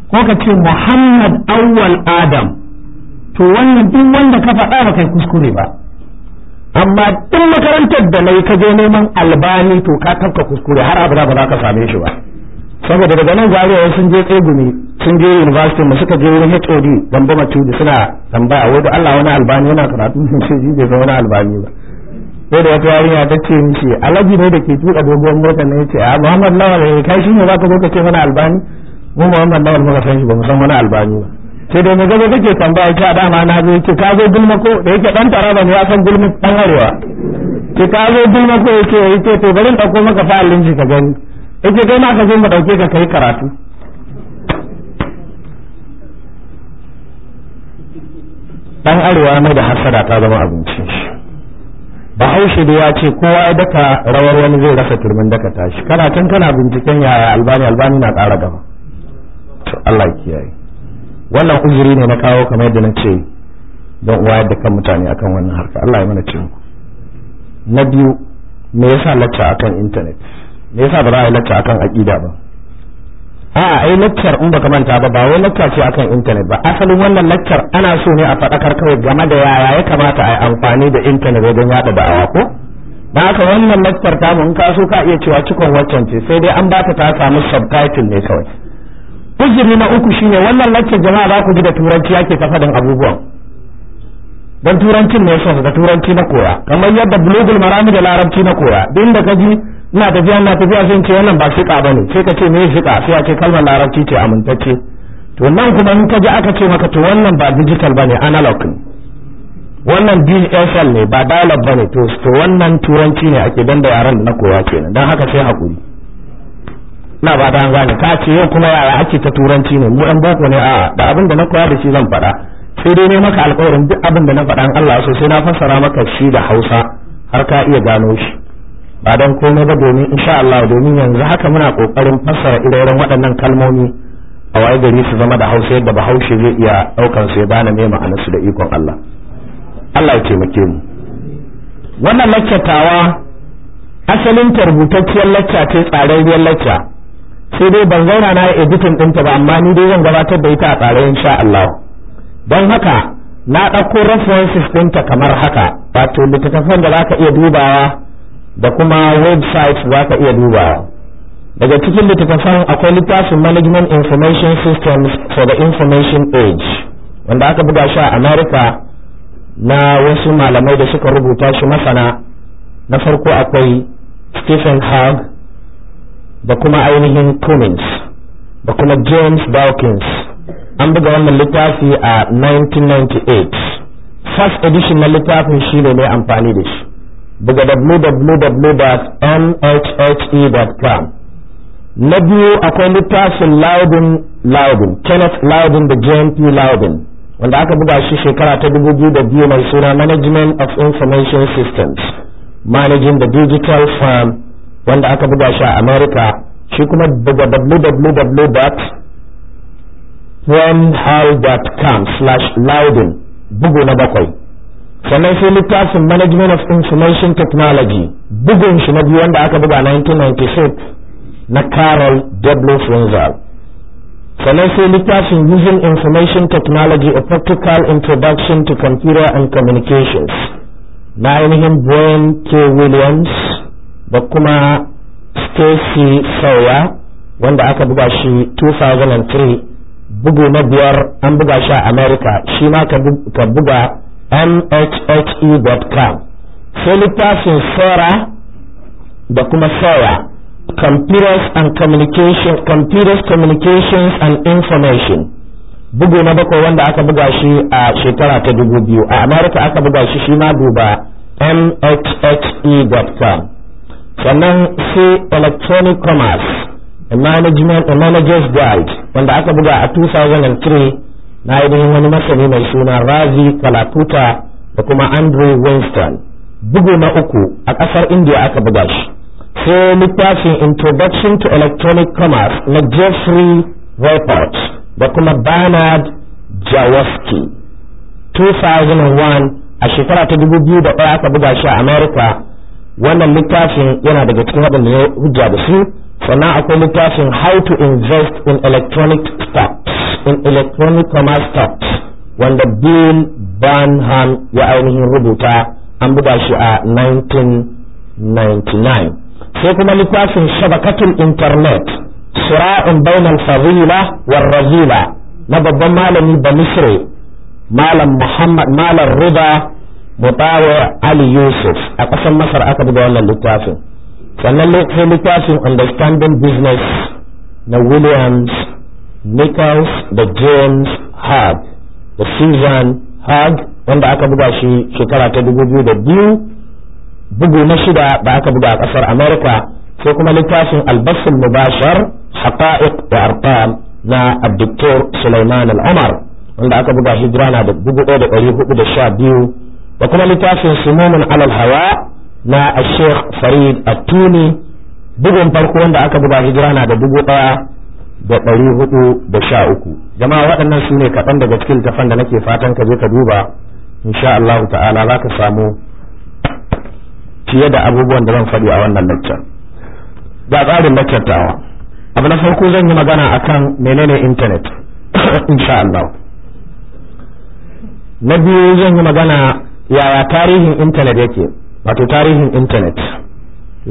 ko ka ce muhammad awwal adam to wannan duk wanda ka faɗa ba kai kuskure ba amma duk makarantar da nayi ka je neman albani to ka tafka kuskure har abada ba za ka same shi ba saboda daga nan zariya sun je tsegumi sun je university mu suka je wurin HOD Gambo Matudi suna tambaya wai da Allah wani albani yana karatu sun *laughs* ce ji bai wani albani ba sai da wata yarinya ta ce mishi alaji ne da ke tuka doguwar mota ne ce a Muhammad Lawal ne eh, kai shi ne za ka zo ka ce wani albani mu Muhammad Lawal muka san shi ba mu san wani albani ba sai dai mu gaba kake tambaya ta dama na zo yace ka zo gulma ko da yake dan taraba ne ya san gulma dan arewa ki ka zo gulma ko yake yake to bari in dauko maka fa alinji ka gani yake kai ma ka zo mu dauke ka kai karatu dan arewa mai da hasada ta zama abinci bahaushe da ya ce kowa ya daka rawar wani zai rasa turmin daka tashi kana can kana binciken yaya albani albani na ƙara gaba to Allah ya kiyaye wannan uzuri ne na kawo kamar yadda na ce don wayar da kan mutane akan wannan harka Allah ya mana cin na biyu me yasa lacca akan internet me yasa ba za a yi lacca akan aqida ba a'a ai laccar in baka manta ba ba wai lacca ce akan internet ba asalin wannan laccar ana so ne a faɗakar kawai game da yaya ya kamata a yi amfani da internet wajen yaɗa da'awa ko ba ka wannan laccar ta in ka so ka iya cewa cikon waccan ce sai dai an ba ta ta samu subtitle ne kawai uzuri na uku shine wannan lacce jama'a za ku ji da turanci ake ta faɗin abubuwan don turancin ne son da turanci na koya kamar yadda global marami da larabci na koya din da kaji ina tafiya ina tafiya sai ce wannan ba shiƙa bane sai ka ce me shiƙa sai a ce kalmar larabci ce amintacce to nan kuma in ka ji aka ce maka to wannan ba digital bane analog ne wannan DSL ne ba dialog bane to to wannan turanci ne ake dan da yaran na koya kenan dan haka sai hakuri na ba ta gane ta ce yau kuma yaya ake ta turanci ne mu dan boko ne a da abin da na koya da shi zan faɗa sai dai ne maka alƙawarin duk abin da na faɗa Allah so sai na fassara maka shi da Hausa har ka iya gano shi ba dan komai ba domin insha Allah domin yanzu haka muna kokarin fassara irin waɗannan kalmomi a waye gari su zama da Hausa yadda Bahaushe zai iya ɗaukan su ya bana mai su da ikon Allah Allah ya taimake mu wannan lakkatawa asalin tarbutacciyar lacca ce tsararriyar lacca sai dai ban zauna na editin ɗinta ba amma ni dai zan gabatar da ita a tsare insha Allah don haka na ɗauko references ɗinta kamar haka wato littattafan da zaka iya dubawa da kuma websites zaka iya dubawa daga cikin littattafan akwai littafin management information systems for the information age wanda aka buga shi a America na wasu malamai da suka rubuta shi masana na farko akwai Stephen Hague da kuma ainihin Cummins da kuma James Dawkins an buga wannan littafi a 1998 first edition na littafin shi ne mai amfani da shi buga www.mhhe.com na biyu akwai littafin Loudon Loudon Kenneth Loudon da JMP Loudon wanda aka buga shi shekara ta 2002 mai suna Management of Information Systems Managing the Digital Farm wanda aka buga shi a america shi kuma buga www.whenhow.com slash loudon bugu na bakwai sannan sai littafin management of information technology bugun shi na biyu wanda aka buga 1996 na carol w frenzel sannan sai littafin using information technology a practical introduction to computer and communications na ainihin brian k williams da kuma stacy sawyer wanda aka buga shi 2003 bugu na biyar an buga shi a america shi ma ka buga mhhe.com sai littafin sora da kuma sora computers and communication computers communications and information bugu na bakwai wanda aka buga shi a shekara ta dubu biyu a america aka buga shi shi ma duba mhhe.com sannan sai electronic commerce a management and manager's guide wanda aka buga a 2003 na idan wani masani mai suna razi kalakuta da kuma andrew winston bugu na uku a kasar india aka buga shi sai littafin introduction to electronic commerce na jeffrey report da kuma bernard jaworski 2001 a shekara ta 2001 aka buga shi a america wannan littafin yana daga cikin waɗanda ya hujja da su sannan akwai littafin how to invest in electronic stocks in electronic commerce stocks wanda bill barnham ya ainihin rubuta an buga shi a 1999 sai kuma littafin shabakatun internet sura'in bainal fadila war razila na babban malami ba misre malam muhammad malam riba bawa Ali Yusuf a ƙasar Masar aka buga wannan littafin sannan lokacin littafin Understanding Business na Williams Nichols da James Hag da Susan Hag wanda aka buga shi shekara ta biyu bugu na shida da aka buga a ƙasar Amerika sai kuma littafin Albasin Mubashar Haqa'iq da Arqam na Abdul Suleiman Al-Umar wanda aka buga hijira na da biyu. da kuma littafin sumumin alal hawa na sheikh farid attuni bugun farko wanda aka buga hijira na da dubu ɗaya da ɗari hudu da sha uku jama'a waɗannan su ne kaɗan daga cikin littafan da nake fatan ka je ka duba insha Allah ta'ala za ka samu fiye da abubuwan da zan faɗi a wannan lecture ga tsarin lecture abu na farko zan yi magana akan menene internet *coughs* insha Allah na biyu zan yi magana yaya tarihin intanet yake wato tarihin intanet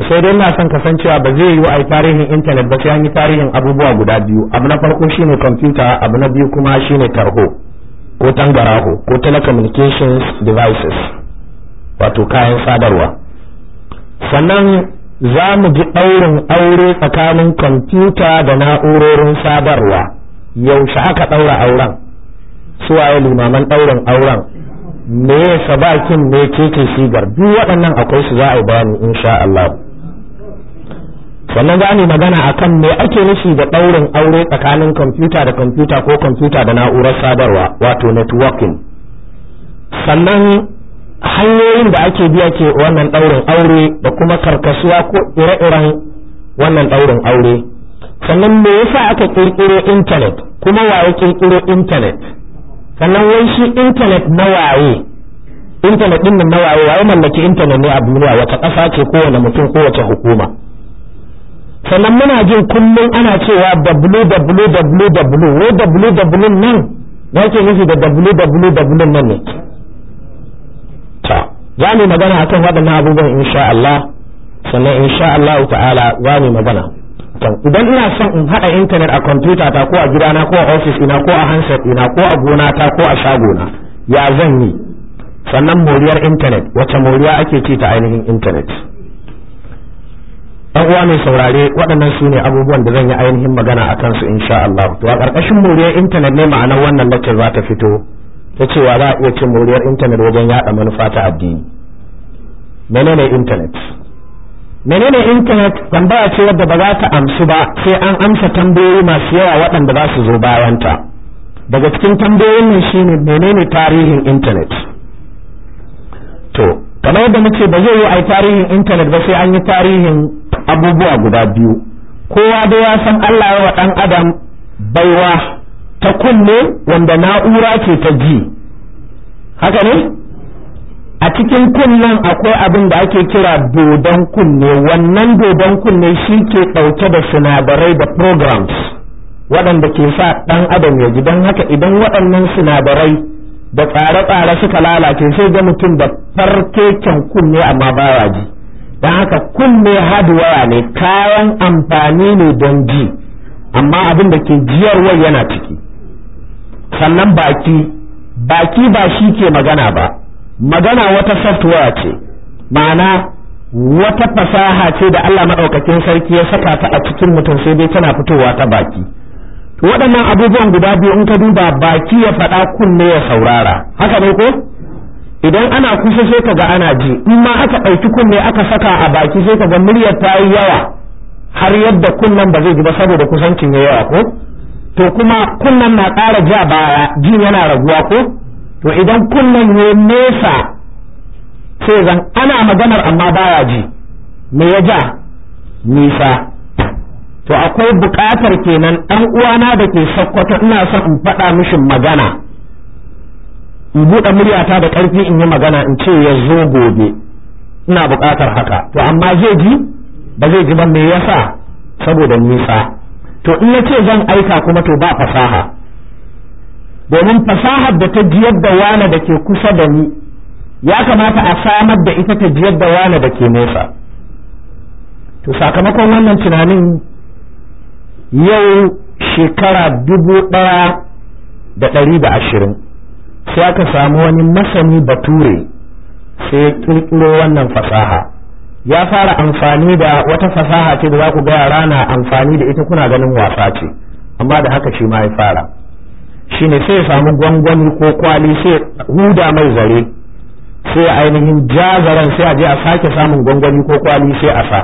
sai dai ina son kasancewa ba zai yiwu a yi tarihin intanet ba sai an yi tarihin abubuwa guda biyu abu na farko shine kwamfuta abu na biyu kuma shine tarho ko tangaraho ko telecommunications devices wato kayan sadarwa sannan za mu ji ɗaurin aure tsakanin kwamfuta da na'urorin sadarwa yaushe aka ɗaura auren suwaye limaman ɗaurin auren me sadakin ne keke sigar duk waɗannan akwai su za a yi bayani insha Allah sannan za ni magana akan me ake nufi da ɗaurin aure tsakanin kwamfuta da kwamfuta ko kwamfuta da na'urar sadarwa wato networking sannan hanyoyin da ake biya ke wannan ɗaurin aure da kuma karkasuwa ko ire-iren wannan ɗaurin aure sannan me yasa aka ƙirƙiro intanet kuma wa ya ƙirƙiro intanet sannan wai shi intanet na waye intanet din nan na waye waye mallaki intanet ne a duniya wata ƙasa ce kowane mutum kowace hukuma sannan muna jin kullum ana cewa www www nan ke nufi da www nan ne ta za mu magana akan waɗannan abubuwan insha Allah sannan insha Allah ta'ala za mu magana idan ina son in haɗa intanet a kwamfuta ta ko a gidana ko a ofis ina ko a handset ina ko a gona ta ko a shago na ya zan yi sannan moriyar intanet wacce moriya ake ci ta ainihin intanet ɗan uwa mai saurare waɗannan su ne abubuwan da zan yi ainihin magana a kansu insha Allah to a ƙarƙashin moriyar intanet ne ma'anar wannan lecture za ta fito ta cewa za a iya cin moriyar intanet wajen yaɗa manufa ta addini menene intanet menene intanet tambaya ce wadda ba za ta amsu ba sai an amsa tambayoyi masu yawa waɗanda za su zo bayanta daga cikin tambayoyin nan shine menene tarihin intanet to kamar yadda muke ba zai yi a tarihin intanet ba sai an yi tarihin abubuwa guda biyu kowa da ya san Allah ya wa ɗan adam baiwa ta kunne wanda na'ura ce ta ji haka ne a cikin kunnen akwai abin da ake kira dodon kunne wannan dodon kunne shi ke ɗauke da sinadarai da programs waɗanda ke sa ɗan adam ya ji don haka idan waɗannan sinadarai da tsare-tsare suka lalace sai ga mutum da farkekin kunne amma baya ji don haka kunne hardware ne kayan amfani ne don ji amma abin da ke jiyarwar yana ciki sannan baki baki ba shi ke magana ba magana wata software ce ma'ana wata fasaha ce da Allah maɗaukakin sarki ya saka ta a cikin mutum sai dai tana fitowa ta baki waɗannan abubuwan guda biyu in ka duba baki ya faɗa kunne ya saurara haka ne ko idan ana kusa sai ka ga ana ji in ma aka ɗauki kunne aka saka a baki sai ka ga muryar ta yi yawa har yadda kunnen ba zai ji ba saboda kusancin ya yawa ko to kuma kunnen na ƙara ja baya jin yana raguwa ko to idan kullum ya nesa sai zan ana maganar amma baya ji me ya ja nisa to akwai buƙatar kenan ɗan uwana da ke sakkwato ina son in faɗa mishin magana in buɗe muryata da ƙarfi in yi magana in ce ya zo gobe ina buƙatar haka to amma zai ji ba zai ji ba me yasa saboda nisa to in ya ce zan aika kuma to ba fasaha domin fasahar da ta jiyar da wane da ke kusa da ni ya kamata a samar da ita ta jiyar da wane da ke nesa to sakamakon wannan tunanin yau shekara dubu ɗaya da ɗari da ashirin sai aka samu wani masani bature sai ya ƙirƙiro wannan fasaha ya fara amfani da wata fasaha ce da za ku gaya rana amfani da ita kuna ganin wasa ce amma da haka shi ma ya fara shine sai ya samu gwangwani ko kwali sai huda mai zare sai ainihin jazaran sai a je a sake samun gwangwani ko kwali sai a sa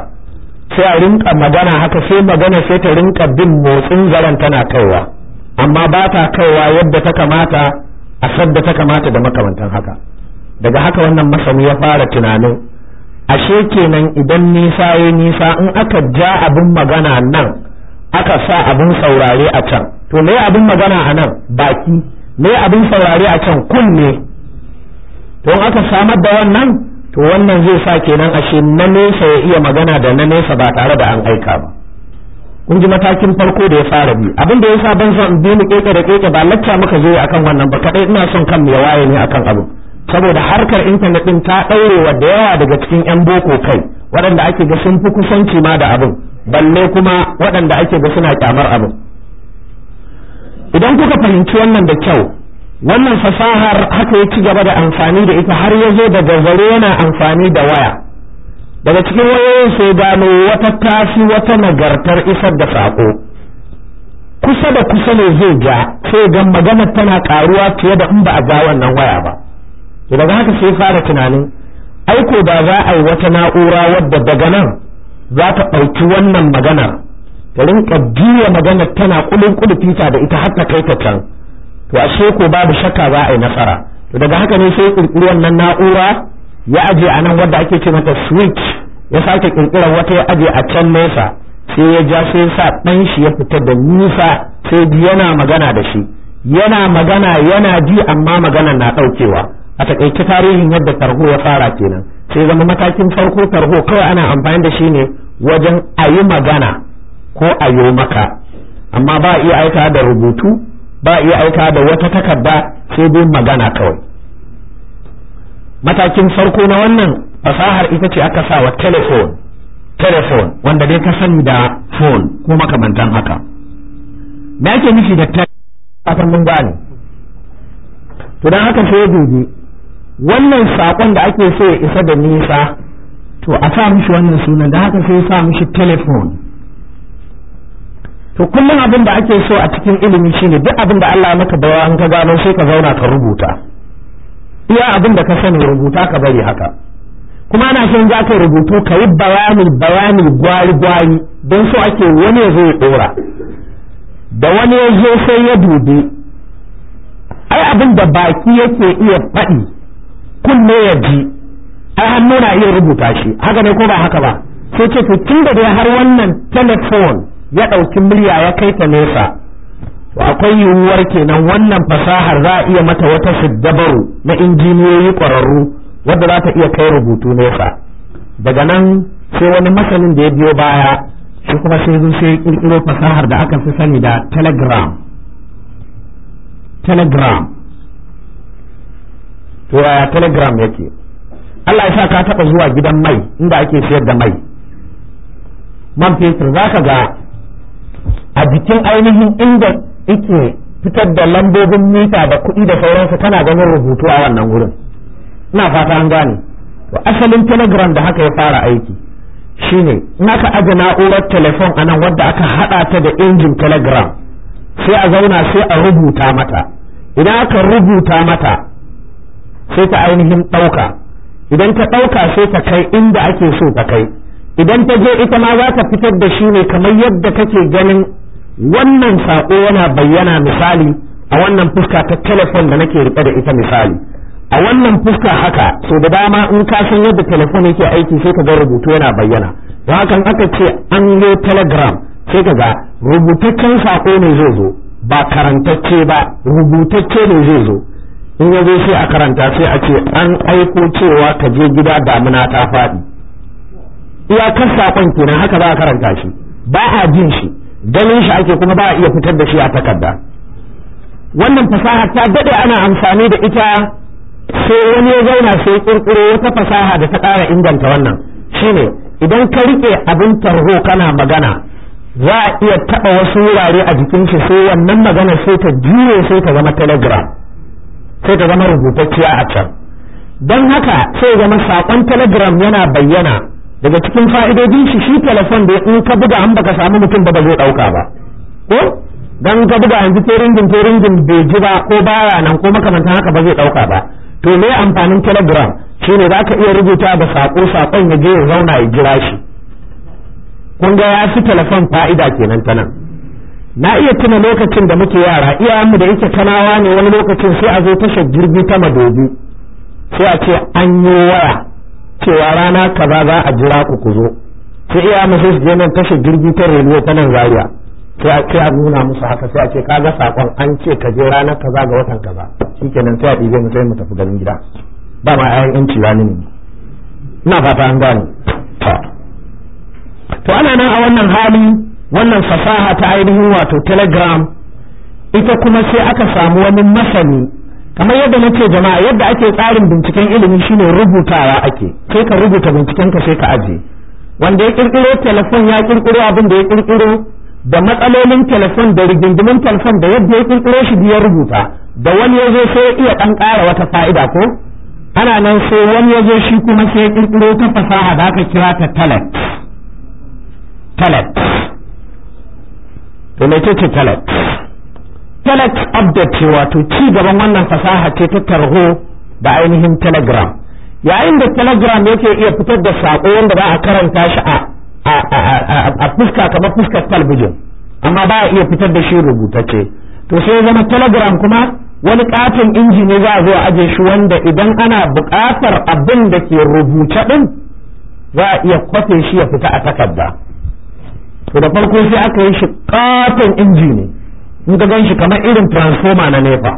sai a rinka magana haka sai magana sai ta rinka bin motsin zaren tana kaiwa amma ba ta kaiwa yadda ta kamata a sadda ta kamata da makamantan haka daga haka wannan masani ya fara tunanin ashe kenan idan nisa ya nisa in aka ja abin magana nan aka sa abin saurare a can to me abin magana a nan baki me abin saurare a can kunne to aka samar da wannan to wannan zai sa kenan ashe na nesa ya iya magana da na nesa ba tare da an aika ba kun ji matakin farko da ya fara bi abin da ya sa ban san bi mu keke da keke ba lacca muka zo akan wannan ba kadai ina son kan ya waye ne akan abu saboda harkar intanet din ta wa da yawa daga cikin yan boko kai waɗanda ake ga sun fi kusanci ma da abin balle kuma waɗanda ake ga suna kyamar abin idan kuka fahimci wannan da kyau wannan fasahar haka ya ci gaba da amfani da ita har ya zo daga zare yana amfani da waya daga cikin wayoyin sai gano wata tafi wata nagartar isar da saƙo kusa da kusa ne zai ga sai ga magana tana ƙaruwa fiye da in ba a ga wannan waya ba to daga haka sai fara tunanin aiko ba za a yi wata na'ura wadda daga nan za ta ɗauki wannan maganar ka rinka juya magana tana kulun fita da ita har ta kai ta can to ashe ko babu shakka za a yi nasara to daga haka ne sai kirkiri wannan na'ura ya aje a nan wadda ake ce mata switch ya sake kirkira wata ya aje a can nesa sai ya ja sai sa ɗan shi ya fita da nisa sai ji yana magana da shi yana magana yana ji amma magana na ɗaukewa a takaice tarihin yadda tarho ya fara kenan sai zama matakin farko tarho kawai ana amfani da shi ne wajen ayi magana ko a yo maka amma ba iya aika da rubutu ba iya aika da wata takarda sai dai magana kawai matakin farko na wannan fasahar ita ce aka sa wa telephone telephone wanda dai ka sani da phone ko makamantan haka me ake nufi da telephone mun gane to dan haka sai dubi wannan sakon da ake so ya isa da nisa to a sa mishi wannan sunan da haka sai ya sa mishi telephone to kullum abin da ake so a cikin ilimi shine duk abin da Allah maka bayani an ka gano sai ka zauna ka rubuta iya abin da ka sani rubuta ka bari haka kuma ana son za ka rubutu ka yi bayani bayani gwari gwari don so ake wani zo ya dora da wani ya zo sai ya dubi ai abin da baki yake iya faɗi kunne ya ji ai hannu na iya rubuta shi haka ne ko ba haka ba sai ce to tun da dai har wannan telephone ya ɗauki murya ya kai ta nesa to akwai yiwuwar kenan wannan fasahar za a iya mata wata siddabaru na injiniyoyi ƙwararru wadda za ta iya kai rubutu nesa daga nan sai wani masanin da ya biyo baya shi kuma sai zo sai ƙirƙiro fasahar da aka fi sani da telegram telegram to yaya telegram yake Allah ya sa ka taɓa zuwa gidan mai inda ake sayar da mai man fetur za ka ga a jikin ainihin inda ike fitar da lambobin mita da kuɗi da sauransu tana ganin rubutu a wannan wurin ina fata an gane to asalin telegram da haka ya fara aiki shine ka aje na'urar telefon anan wadda aka haɗa ta da injin telegram sai a zauna sai a rubuta mata idan aka rubuta mata sai ta ainihin ɗauka idan ta ɗauka sai ta kai inda ake so ta kai idan ta je ita ma za ta fitar da shi ne kamar yadda kake ganin wannan saƙo yana bayyana misali a wannan fuska ta telefon da nake riƙe da ita misali a wannan fuska haka so da dama in ka san yadda telefon yake aiki sai ka ga rubutu yana bayyana don haka aka ce an yo telegram sai ka ga rubutaccen saƙo ne zai zo ba karantacce ba rubutacce ne zai zo in ya zo sai a karanta sai a ce an aiko cewa ka je gida damina ta faɗi iyakar saƙon kenan haka za a karanta shi ba a jin shi ganin shi ake kuma ba a iya fitar da shi a takarda wannan fasaha ta dade ana amfani da ita sai wani ya zauna sai kirkiro wata fasaha da ta ƙara inganta wannan shine idan ka rike abin tarho kana magana za a iya taɓa wasu wurare a jikin shi sai wannan magana sai ta jure sai ta zama telegram sai ta zama rubutacciya a can don haka sai zama saƙon telegram yana bayyana daga cikin fa'idodin shi shi telefon da in ka buga an baka samu mutum ba ba zai ɗauka ba ko don ka buga yanzu ji teringin bai ji ba ko baya nan ko makamantan haka ba zai ɗauka ba to me amfanin telegram shi ne za ka iya rubuta da saƙo saƙon ya je ya zauna ya jira shi kun ga ya fi telefon fa'ida kenan ta nan na iya tuna lokacin da muke yara iyayenmu da yake kanawa ne wani lokacin sai a zo tashar jirgi ta madobi sai a ce an yi waya cewa rana kaza za a jira ku ku zo sai iya musu su je nan kashe jirgi ta rediyo ta nan zaria sai a a nuna musu haka sai a ce ka sakon an ce ka je ranar kaza ga watan kaza shikenan sai a ɗibe mu sai mu tafi garin gida ba ma ayan yanci rani ne ina fata an gane to ana nan a wannan hali wannan fasaha ta ainihin wato telegram ita kuma sai aka samu wani masani kamar yadda nake jama'a yadda ake tsarin binciken ilimi shine rubutawa ake kai ka rubuta binciken ka sai ka aje wanda ya kirkiro telefon ya kirkiro abin da ya kirkiro da matsalolin telefon da rigingimin telefon da yadda ya kirkiro shi ya rubuta da wani ya zo sai iya dan kara wata fa'ida ko ana nan sai wani ya zo shi kuma sai ya kirkiro ta fasaha da aka kira ta talat talat to me ce talent telect update wato ci gaban wannan fasaha ce ta tarho da ainihin telegram yayin da telegram yake iya fitar da saƙo wanda ba a karanta shi a a fuska kamar fuskar talbijin amma ba a iya fitar da shi rubutacce to sai ya zama telegram kuma wani katin injini ne za a zo a aje shi wanda idan ana buƙatar abin da ke rubuce din za a iya kwafe shi ya fita a takarda to da farko sai aka yi shi katin injini. in ka gan shi kamar irin transformer na nefa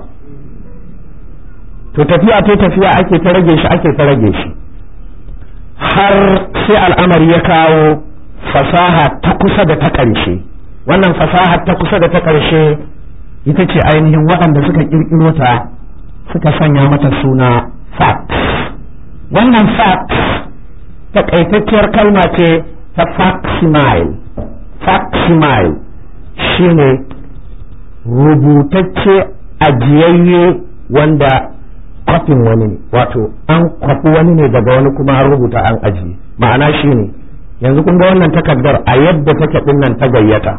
to tafiya to tafiya ake ta rage shi ake ta rage shi har sai al'amari ya kawo fasaha ta kusa da ta ƙarshe wannan fasaha ta kusa da ta ƙarshe ita ce ainihin waɗanda suka ƙirƙiro ta suka sanya mata suna fax wannan fax taƙaitacciyar kalma ce ta fax mile fax mile shine rubutacce ajiyayye wanda kwafin wani ne wato an kwafi wani ne daga wani kuma an rubuta an ajiye ma'ana shi ne yanzu kun ga wannan takardar a yadda take din ta gayyata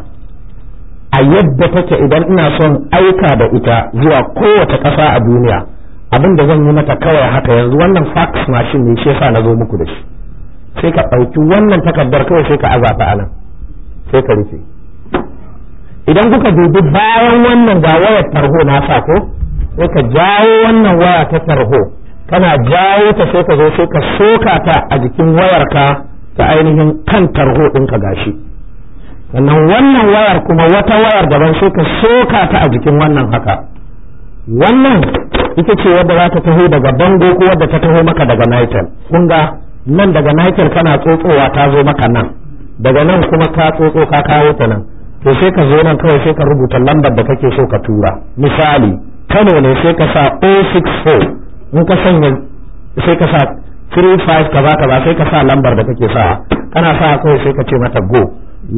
a yadda take idan ina son aika da ita zuwa kowace ƙasa a duniya abin da zan yi mata kawai haka yanzu wannan fax machine ne shi yasa na zo muku da shi sai ka ɗauki wannan takardar kawai sai ka azafa anan sai ka rufe idan kuka dubi bayan wannan ga wayar tarho na sa ko sai ka jawo wannan waya ta tarho kana jawo ta sai ka zo sai ka soka ta a jikin wayarka ta ainihin kan tarho ka gashi sannan wannan wayar kuma wata wayar daban sai ka soka ta a jikin wannan haka wannan ita ce wadda za ta taho daga bango ko wadda ta taho maka daga nitel kun ga nan daga nitel kana tsotsowa ta zo maka nan daga nan kuma ka tsotso ka kawo ta nan to sai ka zo nan kawai sai ka rubuta lambar da kake so ka tura misali kano ne sai ka sa 064 in ka sanya sai ka sa 35 kaza kaza sai ka sa lambar da kake sa kana sa kawai sai ka ce mata go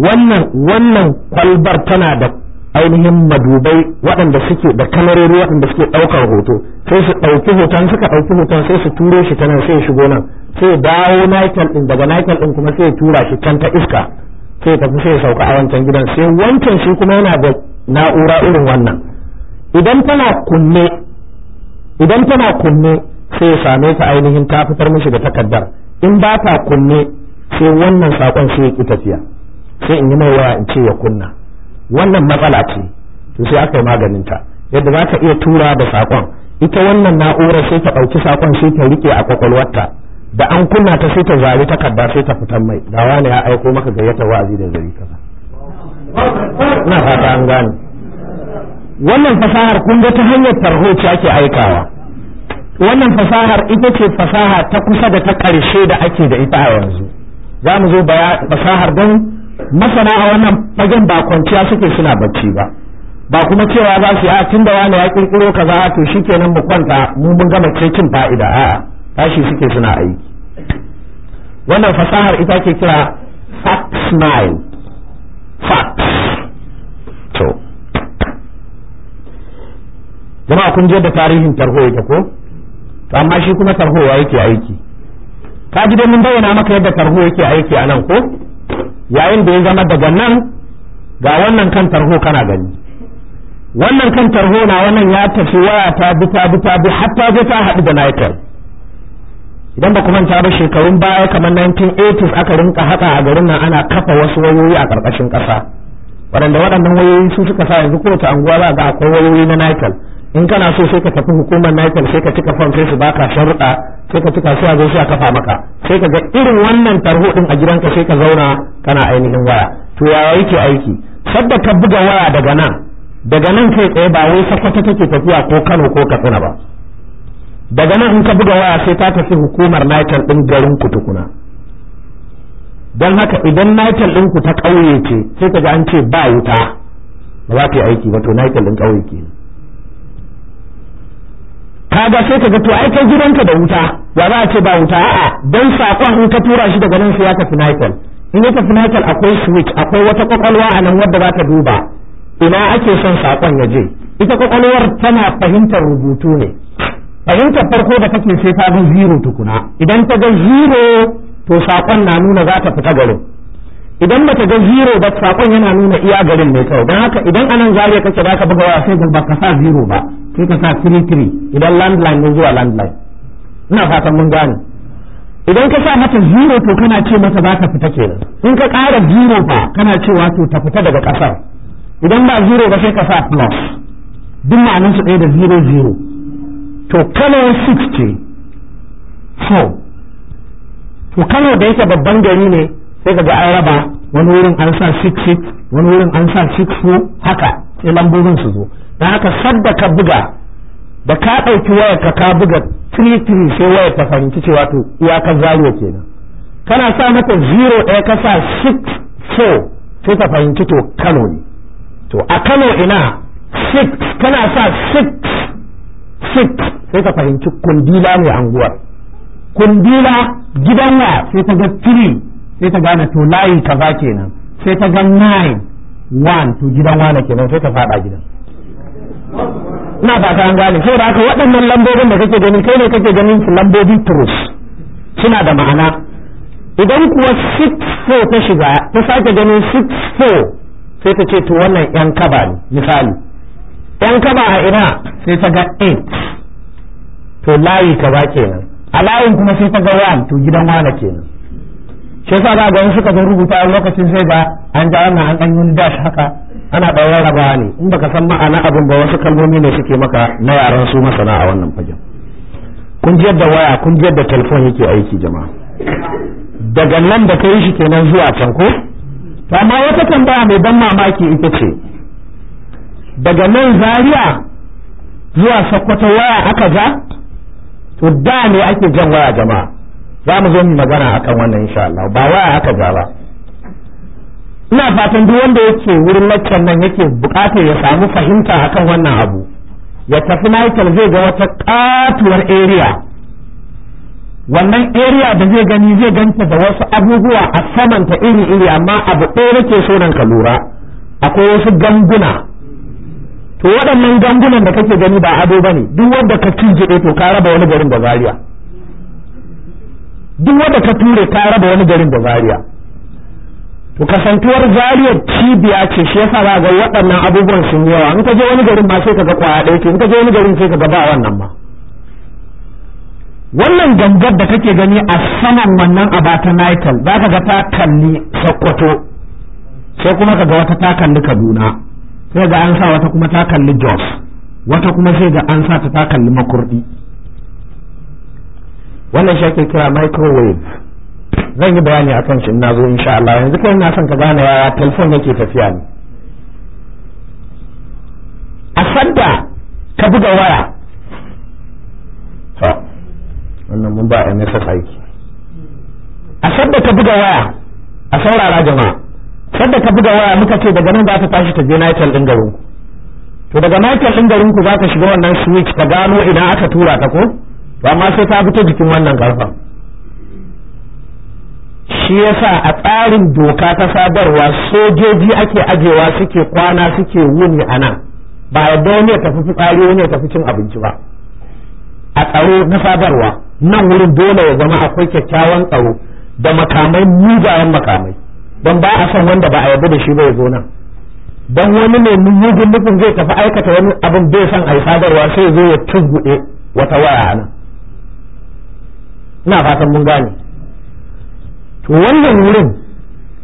wannan wannan kwalbar tana da ainihin madubai waɗanda suke da kamarori waɗanda suke ɗaukar hoto sai su ɗauki hoton suka ɗauki hoton sai su turo shi ta nan sai shigo nan sai dawo nakel ɗin daga nakel ɗin kuma sai tura shi can ta iska sai tafi sai sauka a wancan gidan sai wancan shi kuma yana da na'ura irin wannan idan tana kunne idan tana kunne sai ya same ta ainihin ta fitar mishi da takaddar in ba ta kunne sai wannan sakon sai ya ki tafiya sai in yi mai waya in ce ya kunna wannan matsala ce to sai aka yi maganin ta yadda za ka iya tura da sakon ita wannan na'urar sai ta ɗauki sakon sai ta riƙe a kwakwalwarta da an kunna ta sai ta zari takarda sai ta fitan mai da wani ya aiko maka gayyata wa'azi da zari kaza ina fata an gane wannan fasahar kun ga ta hanyar tarhoci ake aikawa wannan fasahar ita ce fasaha ta kusa da ta ƙarshe da ake da ita a yanzu za mu zo fasahar don masana a wannan fagen ba kwanciya suke suna bacci ba ba kuma cewa za su yi a tun da wani ya kirkiro kaza to shikenan mu kwanta mu mun gama cin fa'ida a'a tashi suke suna aiki wannan fasahar ita ke kira fax mile fax to jama'a kun je da tarihin tarho ita ko to amma shi kuma tarho yake aiki ka ji dai mun bayyana maka yadda tarho yake aiki a nan ko yayin da ya zama daga nan ga wannan kan tarho kana gani wannan kan tarho na wannan ya tafi waya ta bi ta bi ta bi har je ta haɗu da naitar idan ba kuma ta ba shekarun baya kamar 1980s aka rinka haɗa a garin nan ana kafa wasu wayoyi a ƙarƙashin ƙasa waɗanda waɗannan wayoyi su suka sa yanzu kowace anguwa za ga akwai wayoyi na nikel in kana so sai ka tafi hukumar nikel sai ka cika form sai su baka sharuɗa sai ka cika su a zo kafa maka sai ka ga irin wannan tarho ɗin a gidanka sai ka zauna kana ainihin waya to yaya yake aiki sabda ka buga waya daga nan daga nan kai tsaye ba wai sakwata take tafiya ko kano ko katsina ba daga nan in ka buga waya sai ta tafi hukumar nital ɗin garin ku tukuna don haka idan nital ɗin ku ta ƙauye ce sai ka ga an ce ba wuta ba za ta yi aiki ba to nital ɗin ƙauye ke kaga sai ka ga to ai kai gidanka da wuta wa za a ce ba wuta a'a don sakon in ka tura shi daga nan sai ya tafi nital in ya tafi nital akwai switch akwai wata kwakwalwa a nan wadda za ta duba ina ake son sakon ya je ita kwakwalwar tana fahimtar rubutu ne fahimtar farko da kake sai ta ga zero tukuna idan ta ga zero to sakon na nuna za ta fita garin idan ba ta ga zero ba sakon yana nuna iya garin mai kyau don haka idan anan zariya kake da ka buga wa sai ba ka sa zero ba sai ka sa 33 idan landline ne zuwa landline ina fatan mun gane idan ka sa mata zero to kana ce mata za ta fita kenan in ka ƙara zero ba kana cewa to ta fita daga ƙasar idan ba zero ba sai ka sa plus duk ma'anin su ɗaya da zero zero to kano 6 ce to kano da yake babban gari ne sai kaga an raba wani wurin an sa 6 wani wurin an sa 64 haka sai lambobin su zo dan haka sadda ka buga da ka ɗauki wayar ka ka buga 33 sai wayar ta fahimci cewa to iyakar zariya kenan kana sa mata 0 ɗaya ka sa 64 sai ka fahimci to kano ne to a kano ina 6 kana sa 6 sik sai ka fahimci kundila mai anguwar kundila gidan wa sai ta ga 3 sai ta gane to layi za kenan sai ta ga 9 1 to gidan wane kenan sai ta fada gidan ina ba ta an gane sai da aka waɗannan lambobin da kake gani kai ne kake ganin su lambobi turus suna da ma'ana idan kuwa 6-4 ta shiga ta sake ganin 6-4 sai ta ce to wannan yan kaba ne misali yan kaba a ina sai ta ga 8 to layi ka kaza kenan a layin kuma sai ta ga 1 to gidan wane kenan shi yasa ga wani suka zo rubuta a lokacin sai ba an ja wannan an ɗanyen dash haka ana ɗaurar rarrabawa ne in baka san ma'ana abin ba wasu kalmomi ne suke maka na yaran su masana a wannan fagen kun ji yadda waya kun ji yadda telefon yake aiki jama'a daga nan da ka yi shi kenan zuwa can ko amma wata tambaya mai ban mamaki ita ce daga nan zaria zuwa Sokoto waya aka ga to da ne ake jan waya jama'a za mu zo mu magana akan wannan insha Allah ba waya aka ga ba ina fatan duk wanda yake wurin laccan nan yake bukatar ya samu fahimta akan wannan abu ya tafi Michael zai ga wata katuwar area wannan area da zai gani zai ganta da wasu abubuwa a samanta iri-iri amma abu ɗaya nake so nan ka lura akwai wasu ganguna to waɗannan gangunan da kake gani ba ado bane duk wanda ka cije to ka raba wani garin da Zariya. duk wanda ka ture ka raba wani garin da Zariya. to kasantuwar Zariya cibiya ce shi yasa ba ga waɗannan abubuwan sun yawa in ka je wani garin ma sai ka ga kwaya ɗaya ke in ka je wani garin sai ka ga ba wannan ma wannan gangar da kake gani a saman wannan abata nital za ka ga ta kalli sokoto sai kuma ka ga wata ta kalli kaduna sai ga an sa wata kuma ta kalli jos wata kuma sai ga an sa ta ta kalli makurdi wannan shi ake kira microwave zan yi bayani akan shi na zo insha Allah yanzu kai na son ka gane ya telefon yake tafiya ne a sanda ka buga waya wannan mun ba a aiki a sanda ka buga waya a saurara jama'a sadda ka buga waya muka ce daga nan za ka tashi ta je nitel din garin ku to daga nitel din garin ku za ka shiga wannan switch ka gano idan aka tura ta ko to amma sai ta fita jikin wannan karfa shi yasa a tsarin doka ta sadarwa sojoji ake ajewa suke kwana suke wuni a nan ba yadda wani ya tafi fitsari wani ya tafi cin abinci ba a tsaro na sadarwa nan wurin dole ya zama akwai kyakkyawan tsaro da makamai mugayen makamai don ba a son wanda ba a yarda da shi bai zo nan don wani ne mugun nufin zai tafi aikata wani abin bai san a sadarwa sai zo ya tuggude wata waya nan ina fatan mun gane to wannan wurin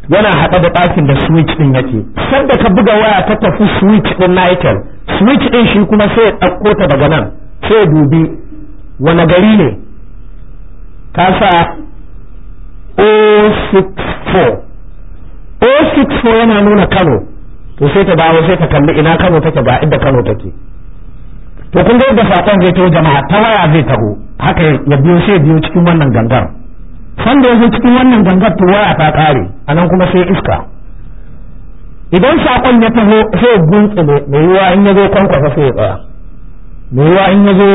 yana haɗa da ɗakin da switch ɗin yake sadda ka buga waya ta tafi switch ɗin nitel switch ɗin shi kuma sai ya ɗauko ta daga nan sai ya dubi wani gari ne ka sa 064 064 yana nuna Kano to sai ta dawo sai ta kalli ina Kano take ga inda Kano take to kun ga yadda fatan zai taho jama'a ta waya zai taho haka ya biyo sai biyo cikin wannan gangar sanda ya zo cikin wannan gangar to waya ta kare anan kuma sai iska idan sakon ya taho sai ne mai yiwa in ya zo kwankwasa sai ya tsaya mai yiwa in ya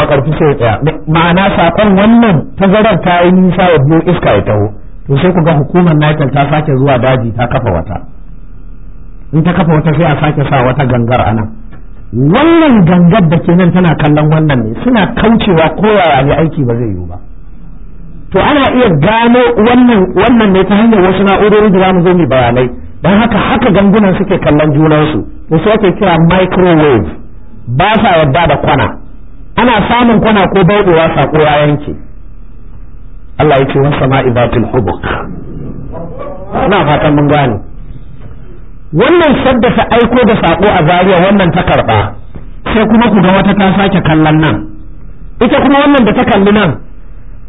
makarfi sai ya tsaya ma'ana sakon wannan tazarar ta yi nisa ya biyo iska ya taho to sai ku ga hukumar Nikel ta sake zuwa daji ta kafa wata in ta kafa wata sai a sake sa wata gangar a nan wannan gangar da ke nan tana kallon wannan ne suna kaucewa koyawa ne aiki ba zai yiwu ba to ana iya gano wannan wannan ne ta hanyar wasu na'urori da zamu zo mu bayanai dan haka haka gangunan suke kallon junansu to sai ake kira microwave ba sa yadda da kwana ana samun kwana ko bauɗewa sako ya yanke Allah yake wan sama'i zatul hubuk ina fatan mun gane wannan saddasa aiko da sako a zariya wannan ta karba sai kuma ku ga wata ta sake kallon nan ita kuma wannan da ta kalli nan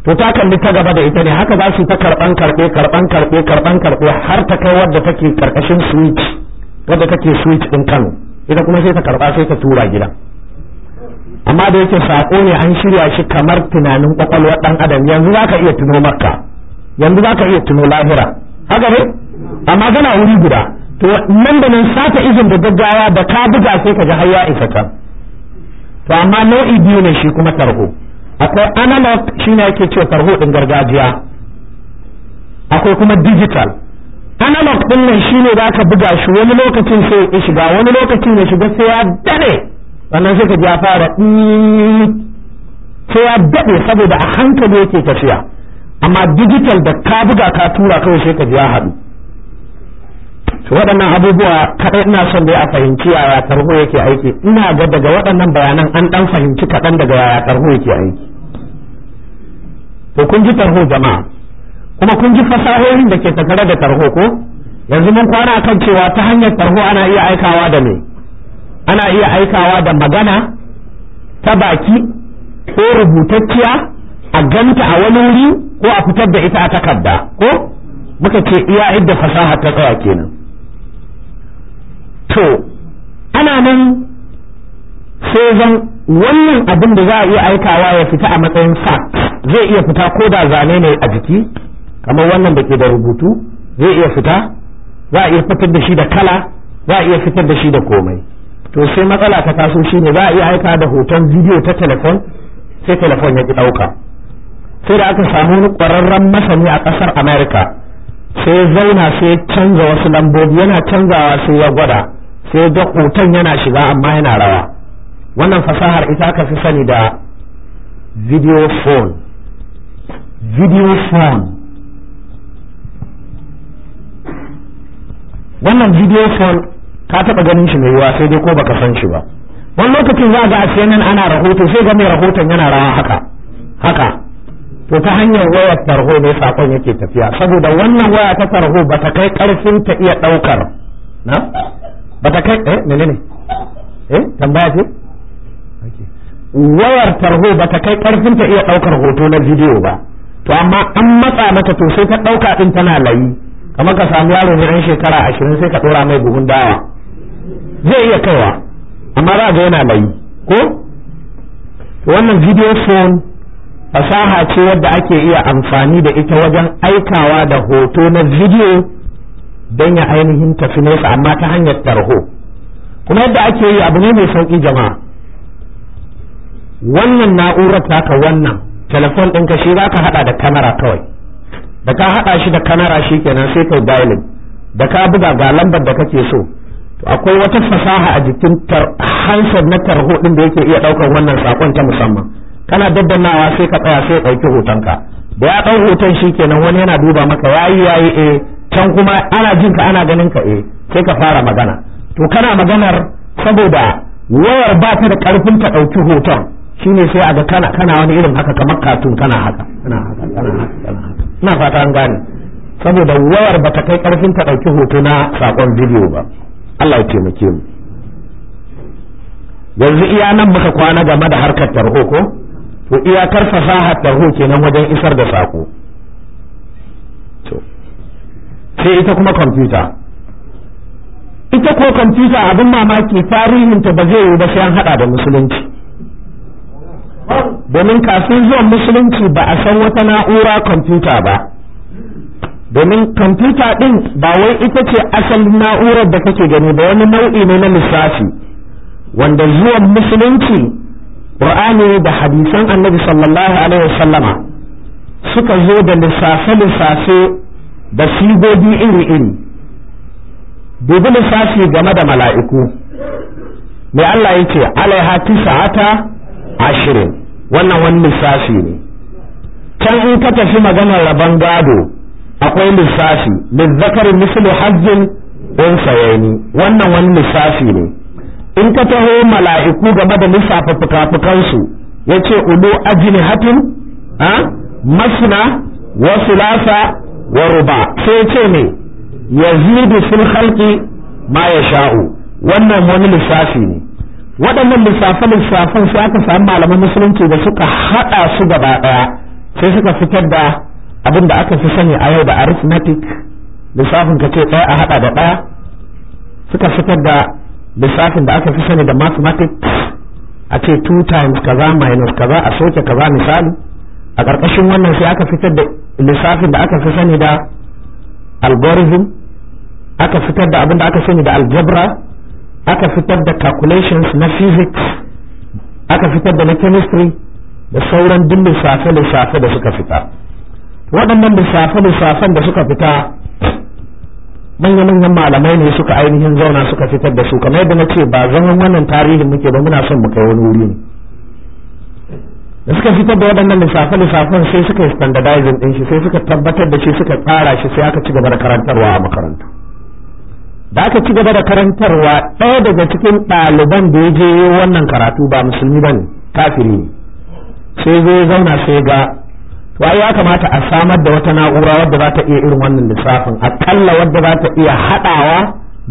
to ta kalli ta gaba da ita ne haka za su ta karban karbe karban karbe karban karbe har ta kai wadda take karkashin switch wadda take switch din Kano ita kuma sai ta karba sai ta tura gidan amma da yake saƙo ne an shirya shi kamar tunanin kwakwalwar ɗan adam yanzu zaka iya tuno makka yanzu zaka iya tuno lahira haka ne amma kana wuri guda to nan da nan sata izin da gaggawa da ka buga sai ka ji har isa can to amma nau'i biyu ne shi kuma tarho akwai analog shine yake cewa tarho din gargajiya akwai kuma digital analog din nan shine zaka buga shi wani lokacin sai ya shiga wani lokacin ya shiga sai ya dane. sannan sai ka ji ya fara sai ya daɗe saboda a hankali yake tafiya amma digital da ka buga ka tura kawai sai ka ji ya haɗu to waɗannan abubuwa kaɗai ina son da ya fahimci yaya tarho yake aiki ina ga daga waɗannan bayanan an ɗan fahimci kaɗan daga yaya tarho yake aiki to kun ji tarho jama'a kuma kun ji fasahohin da ke tattare da tarho ko yanzu mun kwana kan cewa ta hanyar tarho ana iya aikawa da me ana iya aikawa da magana ta baki ko rubutacciya a ganta a wani wuri ko a fitar da ita a takarda ko muka ce iya idda fasaha ta tsaya kenan to ana nan sai zan wannan abin da za a iya aikawa ya fita a matsayin sa zai iya fita ko da zane ne a jiki kamar wannan da ke da rubutu zai iya fita za a iya fitar da shi da kala za a iya fitar da shi da komai to sai matsala ta taso shi ne za a iya aika da hoton bidiyo ta telefon sai telefon ya ki ɗauka sai da aka samu wani ƙwararren masani a ƙasar america sai ya zauna sai canza wasu lambobi yana canzawa sai ya gwada sai ga hoton yana shiga amma yana rawa wannan fasahar ita aka fi sani da video phone video phone wannan video phone ka taɓa ganin shi mai yiwa sai dai ko baka san shi ba wani lokacin za ga a CNN ana rahoto sai ga mai rahoton yana rawa haka haka to ta hanyar wayar tarho ne sakon yake tafiya saboda wannan waya ta tarho ba ta kai karfin ta iya daukar na ba ta kai eh ne eh tambaya ce wayar tarho ba ta kai karfin ta iya ɗaukar hoto na bidiyo ba to amma an matsa mata to sai ta dauka din tana layi kamar ka samu yaro ne dan shekara 20 sai ka dora mai buhun dawa zai iya kaiwa amma za ga yana layi ko wannan video phone fasaha ce wadda ake iya amfani da ita wajen aikawa da hoto na video don ya ainihin tafi nesa amma ta hanyar tarho kuma yadda ake yi abu ne mai sauƙi jama'a wannan na'urar taka wannan telefon ɗinka shi za ka haɗa da kamera kawai da ka haɗa shi da kamera shi kenan sai kai dialing da ka buga ga lambar da kake so akwai wata fasaha a jikin hansar na tarho din da yake iya daukar wannan sakon ta musamman kana daddanawa sai ka tsaya sai ɗauki dauki hotonka da ya dau hoton shikenan wani yana duba maka yayi yayi eh can kuma ana jin ka ana ganin ka eh sai ka fara magana to kana maganar saboda wayar ba ta da karfin ta dauki hoton shine sai a ga kana kana wani irin haka kamar katun kana haka kana haka kana haka kana haka ina fata an gane saboda wayar ba ta kai karfin ta dauki hoto na sakon bidiyo ba Allah ya taimake mu yanzu iya nan muka kwana game da harkar tarho ko to iyakar fasahar tarho kenan wajen isar da sako to sai ita kuma kwamfuta ita ko kwamfuta abin mamaki tarihinta ba zai yi ba sai an hada da musulunci domin kafin zuwan musulunci ba a san wata na'ura kwamfuta ba domin kwamfuta ɗin ba wai ita ce asalin na'urar da kake gani ba wani nau'i ne na lissafi wanda zuwan musulunci ƙur'ani da hadisan annabi sallallahu alaihi wasallama suka zo da lissafe-lissafe da sigogi iri-iri dubi lissafi game da mala'iku mai Allah ya ce alaiha tisa'ata ashirin wannan wani lissafi ne can in ka tafi maganar rabon gado akwai lissafi lizzakari mislu hajjin sayani wannan wani lissafi ne in ka taho mala'iku game da lissafa fuka-fukansu ya ce ulu ajini hatin masna wa sulasa wa ruba sai ce ne yazidu sun halki ma sha'u wannan wani lissafi ne waɗannan lissafe-lissafen sai aka samu malaman musulunci da suka haɗa su gaba ɗaya sai suka fitar da abin da aka fi sani a yau da arithmetic lissafin ka ce ɗaya a haɗa da ɗaya suka fitar da lissafin da aka fi sani da mathematics a ce 2 times kaza minus kaza a soke kaza misali a ƙarƙashin wannan sai aka fitar da lissafin da aka fi sani da algorithm aka fitar da abin da aka sani da algebra aka fitar da calculations na physics aka fitar da na chemistry da sauran duk lissafe-lissafe da suka fita waɗannan lissafe-lissafen da suka fita manya-manyan malamai ne suka ainihin zauna suka fitar da su kamar yadda na ce ba zaman wannan tarihin muke ba muna son mu kai wani wuri ne da suka fitar da waɗannan lissafe-lissafen sai suka yi standardizing ɗin shi sai suka tabbatar da shi suka tsara shi sai aka ci gaba da karantarwa a makaranta da aka ci gaba da karantarwa ɗaya daga cikin ɗaliban da ya je wannan karatu ba musulmi ba ne kafiri ne sai zai zauna sai ga wai ya kamata a samar da wata na'ura wadda za ta iya irin wannan lissafin akalla wadda za ta iya haɗawa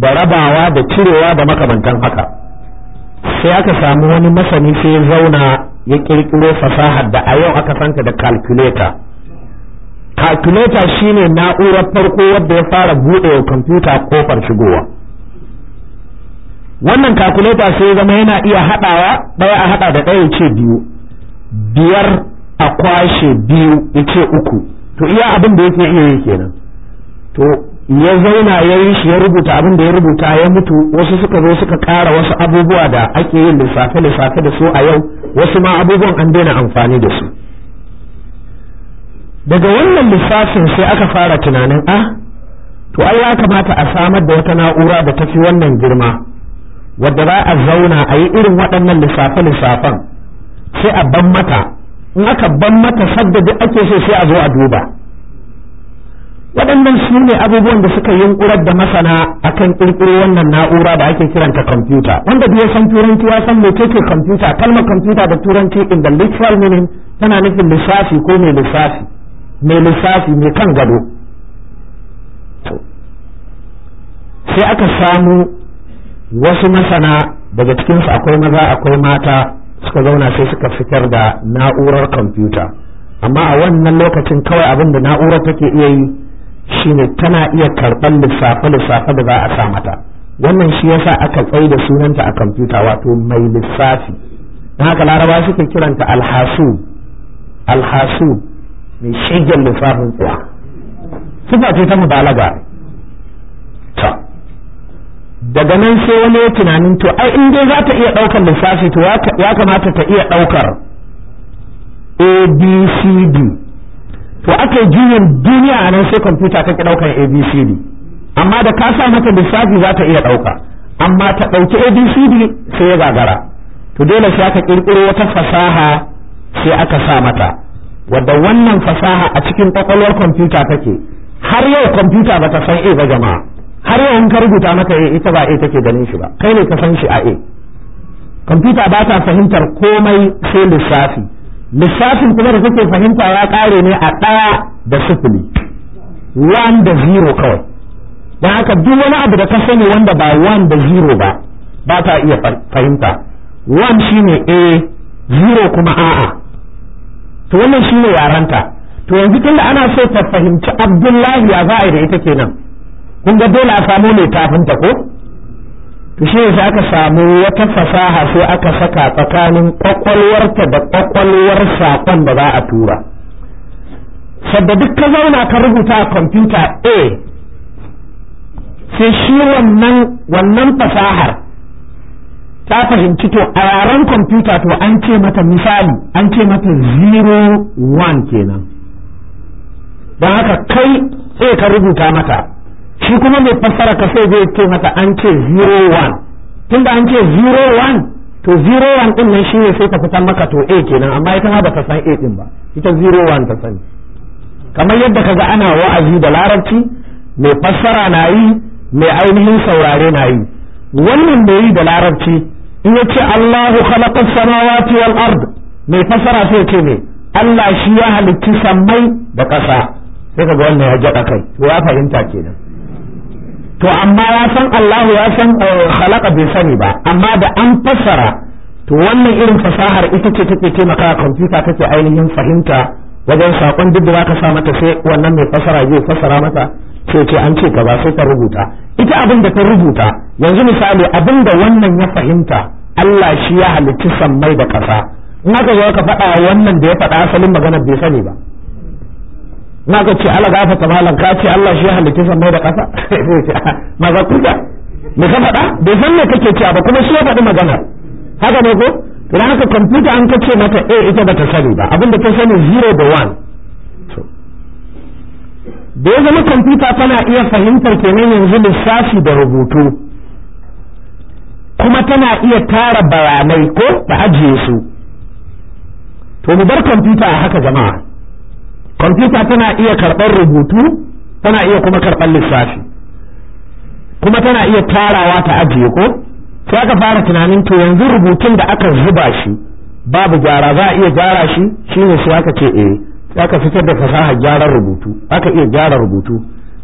da rabawa da cirewa da makamantan haka sai aka samu wani masani sai zauna ya ƙirƙiro fasahar da a yau aka santa da calculator calculator shine na'urar farko wadda ya fara buɗe wa kwamfuta kofar shigowa wannan calculator sai ya zama yana iya haɗawa ɗaya a haɗa da ɗaya ce biyu biyar a kwashe biyu ya ce uku to iya abin da yake iya yi kenan to ya zauna ya yi shi ya rubuta abin da ya rubuta ya mutu wasu suka zo suka kara wasu abubuwa da ake yin lissafe lissafe da su a yau wasu ma abubuwan an daina amfani da su daga wannan lissafin sai aka fara tunanin a ah, to ai ya kamata a samar da wata na'ura da ta fi wannan girma wadda za a zauna a yi irin waɗannan lissafe-lissafen sai a ban mata in aka ban mata da ake so sai a zo a duba waɗannan su ne abubuwan da suka yunkurar da masana a kan ƙirƙiro wannan na'ura da ake kiranta kwamfuta wanda ya san turanci ya san mai take kwamfuta kalmar kwamfuta da turanci in the literal meaning tana nufin lissafi ko mai lissafi mai lissafi mai kan gado sai aka samu wasu masana daga cikinsu akwai maza akwai mata suka zauna sai suka fitar da na'urar kwamfuta amma a wannan lokacin kawai abin da na'urar take iya yi shine tana iya karɓar lissafe-lissafe da za a sa mata wannan shi yasa aka tsai da sunanta a kwamfuta wato mai lissafi don haka laraba suke kiranta alhasu alhasu mai shigen lissafin tsuwa sifa ce ta mubalaga daga nan sai wani ya tunanin to ai in dai za ta iya ɗaukar lissafi to ya kamata ta iya ɗaukar abcd to aka juyin duniya a nan sai kwamfuta ta ki ɗaukar abcd amma da ka sa mata lissafi za ta iya ɗauka amma ta ɗauki abcd sai ya gagara to dole sai aka ƙirƙiro wata fasaha sai aka sa mata wadda wannan fasaha a cikin ƙwaƙwalwar kwamfuta take har yau kwamfuta ba ta san a ba jama'a har yau in ka rubuta maka A eh, ita ba A take ganin shi ba kai ne ka san shi a A kwamfuta ba ta fahimtar komai sai lissafi lissafin kuma da kake fahimta ya kare ne a ɗaya da sufuli one da zero kawai don haka duk wani abu da ka sani wanda ba one da zero ba ba ta iya fahimta one shine A zero kuma a'a to wannan shine yaranta to yanzu tunda ana so ta fahimci Abdullahi ya za a yi da ita kenan kun ga dole a samu mai ta ko to shi yasa aka samu wata fasaha sai aka saka tsakanin kwakwalwarta da kwakwalwar saƙon da za a tura sadda duk ka zauna ka rubuta a kwamfuta a sai shi wannan fasahar ta fahimci to a yaren kwamfuta to an ce mata misali an ce mata 01 kenan don haka kai sai ka rubuta mata shi kuma mai fassara ka sai zai ce masa an ce 01 tunda an ce 01 to 01 din nan shine sai ka fitar maka to A kenan amma ita ma baka san A din ba ita 01 ta sani kamar yadda kaga ana wa'azi da larabci mai fassara na yi mai ainihin saurare na yi wannan da yi da larabci in ya ce Allahu khalaqa samawati wal ard mai fassara sai ce me Allah shi ya halicci sammai da ƙasa sai kaga wannan ya jaɗa kai to ya fahimta kenan to amma ya san Allah ya san eh, khalaqa bai sani ba amma da an fassara to wannan irin fasahar ita ce take taimaka kwamfuta take ainihin fahimta wajen sakon duk da zaka sa mata sai wannan mai fasara zai fasara mata sai ce an ce ka ba sai ka rubuta ita abin da ta rubuta yanzu misali abin da wannan ya fahimta Allah shi ya halicci sammai da ƙasa in aka zo ka faɗa wannan da ya faɗa asalin magana bai sani ba na ka ce Allah gafa ta malam ka ce Allah shi halitta sammai da ƙasa ma *laughs* ah, za ku da me ka faɗa bai san me kake cewa ba kuma shi ya faɗi magana haka ne ko idan haka kwamfuta an kace mata eh ita ba ta sani ba abinda ta sani zero da one da ya zama kwamfuta tana iya fahimtar kenan yanzu lissafi da rubutu kuma tana iya tara bayanai ko ba ajiye su to mu bar kwamfuta a haka jama'a kwamfuta tana iya karɓar rubutu tana iya kuma karɓar lissafi kuma tana iya tarawa ta ajiye ko sai aka fara tunanin to yanzu rubutun da aka zuba shi babu gyara za a iya gyara shi shine sai aka ce eh sai aka fitar da fasahar gyaran rubutu aka iya gyara rubutu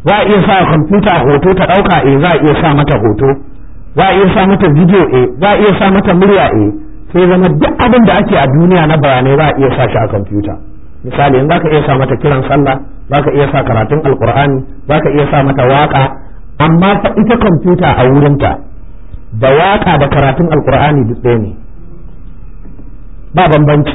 za a iya sa kwamfuta hoto ta ɗauka eh za a iya sa mata hoto za a iya sa mata bidiyo eh za a iya sa mata murya eh sai zama duk abin da ake a duniya na bayanai za a iya sa shi a kwamfuta misali in zaka iya sa mata kiran sallah zaka iya sa karatun alqur'ani zaka iya sa mata waka amma fa ita kwamfuta a wurinta da waka da karatun alqur'ani duk ɗaya ne ba bambanci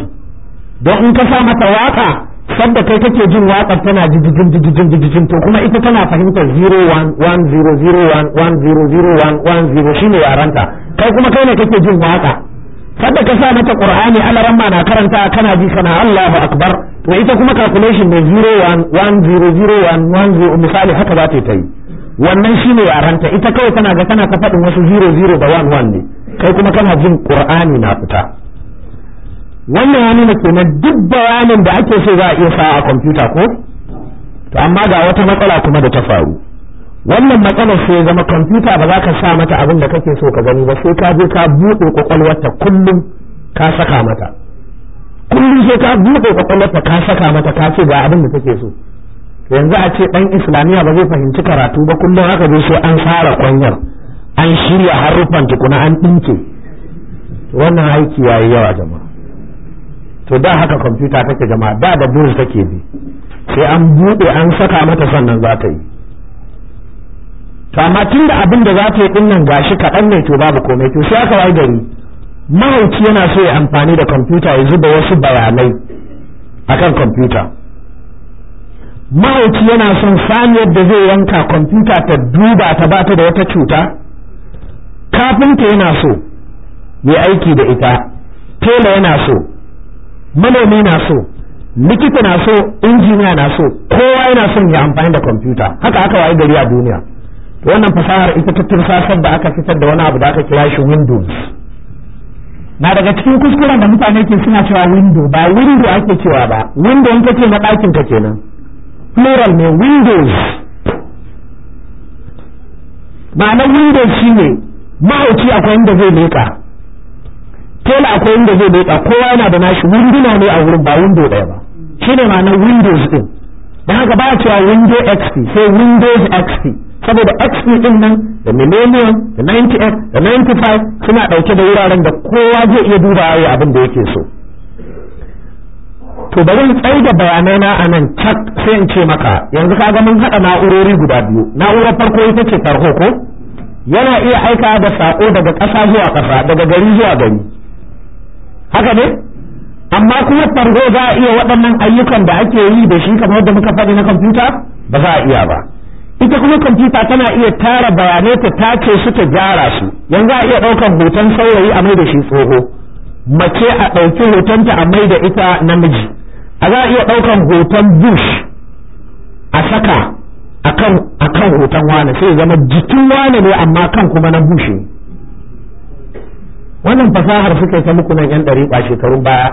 don in ka sa mata waka sabda kai kake jin waƙar tana jijijin jijijin jijijin to kuma ita tana fahimtar 011001100110 shine yaranta kai kuma kai ne kake jin waka kada ka sa mata qur'ani alaran ma na karanta kana ji kana Allahu akbar to ita kuma calculation ne 01100110 misali haka za ta yi wannan shine yaranta ita kawai kana ga kana ta faɗin wasu 00 da 11 ne kai kuma kana jin qur'ani na fita wannan ya nuna kenan duk bayanin da ake so za a iya sa a computer ko to amma ga wata matsala kuma da ta faru wannan matsalar sai ya zama kwamfuta ba za ka sa mata abin da kake so ka gani ba sai ka je ka buɗe kwakwalwarta kullum ka saka mata kullum sai ka buɗe kwakwalwarta ka saka mata ka ce ga abin da take so yanzu a ce ɗan islamiyya ba zai fahimci karatu ba kullum haka zai sai an fara kwanyar an shirya haruffan tukuna an ɗinke wannan aiki yayi yawa jama'a to da haka kwamfuta take jama'a da da bills take bi sai an buɗe an saka mata sannan za ta yi to tun da abin da za ta yi din nan gashi kaɗan ne to babu komai to sai aka wayi gari mahauci yana so ya amfani da kwamfuta ya zuba wasu bayanai akan kwamfuta mahauci yana son sani yadda zai yanka kwamfuta ta duba ta bata da wata cuta kafinta yana so ya aiki da ita tela yana so manomi na so likita na so injiniya na so kowa yana son ya amfani da kwamfuta haka aka wayi gari a duniya to wannan fasahar ita ta tirsasar da aka fitar da wani abu da aka kira shi windows na daga cikin kuskuren da mutane ke suna cewa window ba window ake cewa ba window in ce na ɗakin ka kenan plural ne windows ma'anar windows shine mahauci akwai inda zai leƙa tela akwai inda zai leƙa kowa yana da nashi winduna ne a wurin ba window ɗaya ba shine ma'anar windows din da haka ba cewa window xp sai windows xp saboda xp din nan da millennium da 90x da 95 suna ɗauke da wuraren da kowa zai iya duba ya abin da yake so to bari tsai da bayanai na a nan cak sai in ce maka yanzu ka ga mun haɗa na'urori guda biyu na'urar farko ita ce farko ko yana iya aika da sako daga ƙasa zuwa ƙasa daga gari zuwa gari haka ne amma kuma farko za a iya waɗannan ayyukan da ake yi da shi kamar da muka faɗi na kwamfuta ba za a iya ba ita kuma kwamfuta tana iya tara bayanai ta tace su ta gyara su yanzu a iya ɗaukan hoton saurayi a mai da shi tsoho mace a ɗauki hotonta a mai da ita namiji a za a iya ɗaukar hoton bush a saka a kan hoton wane sai zama jikin wane ne amma kan kuma na bushe wannan fasahar suka yi ta muku nan yan ba shekarun baya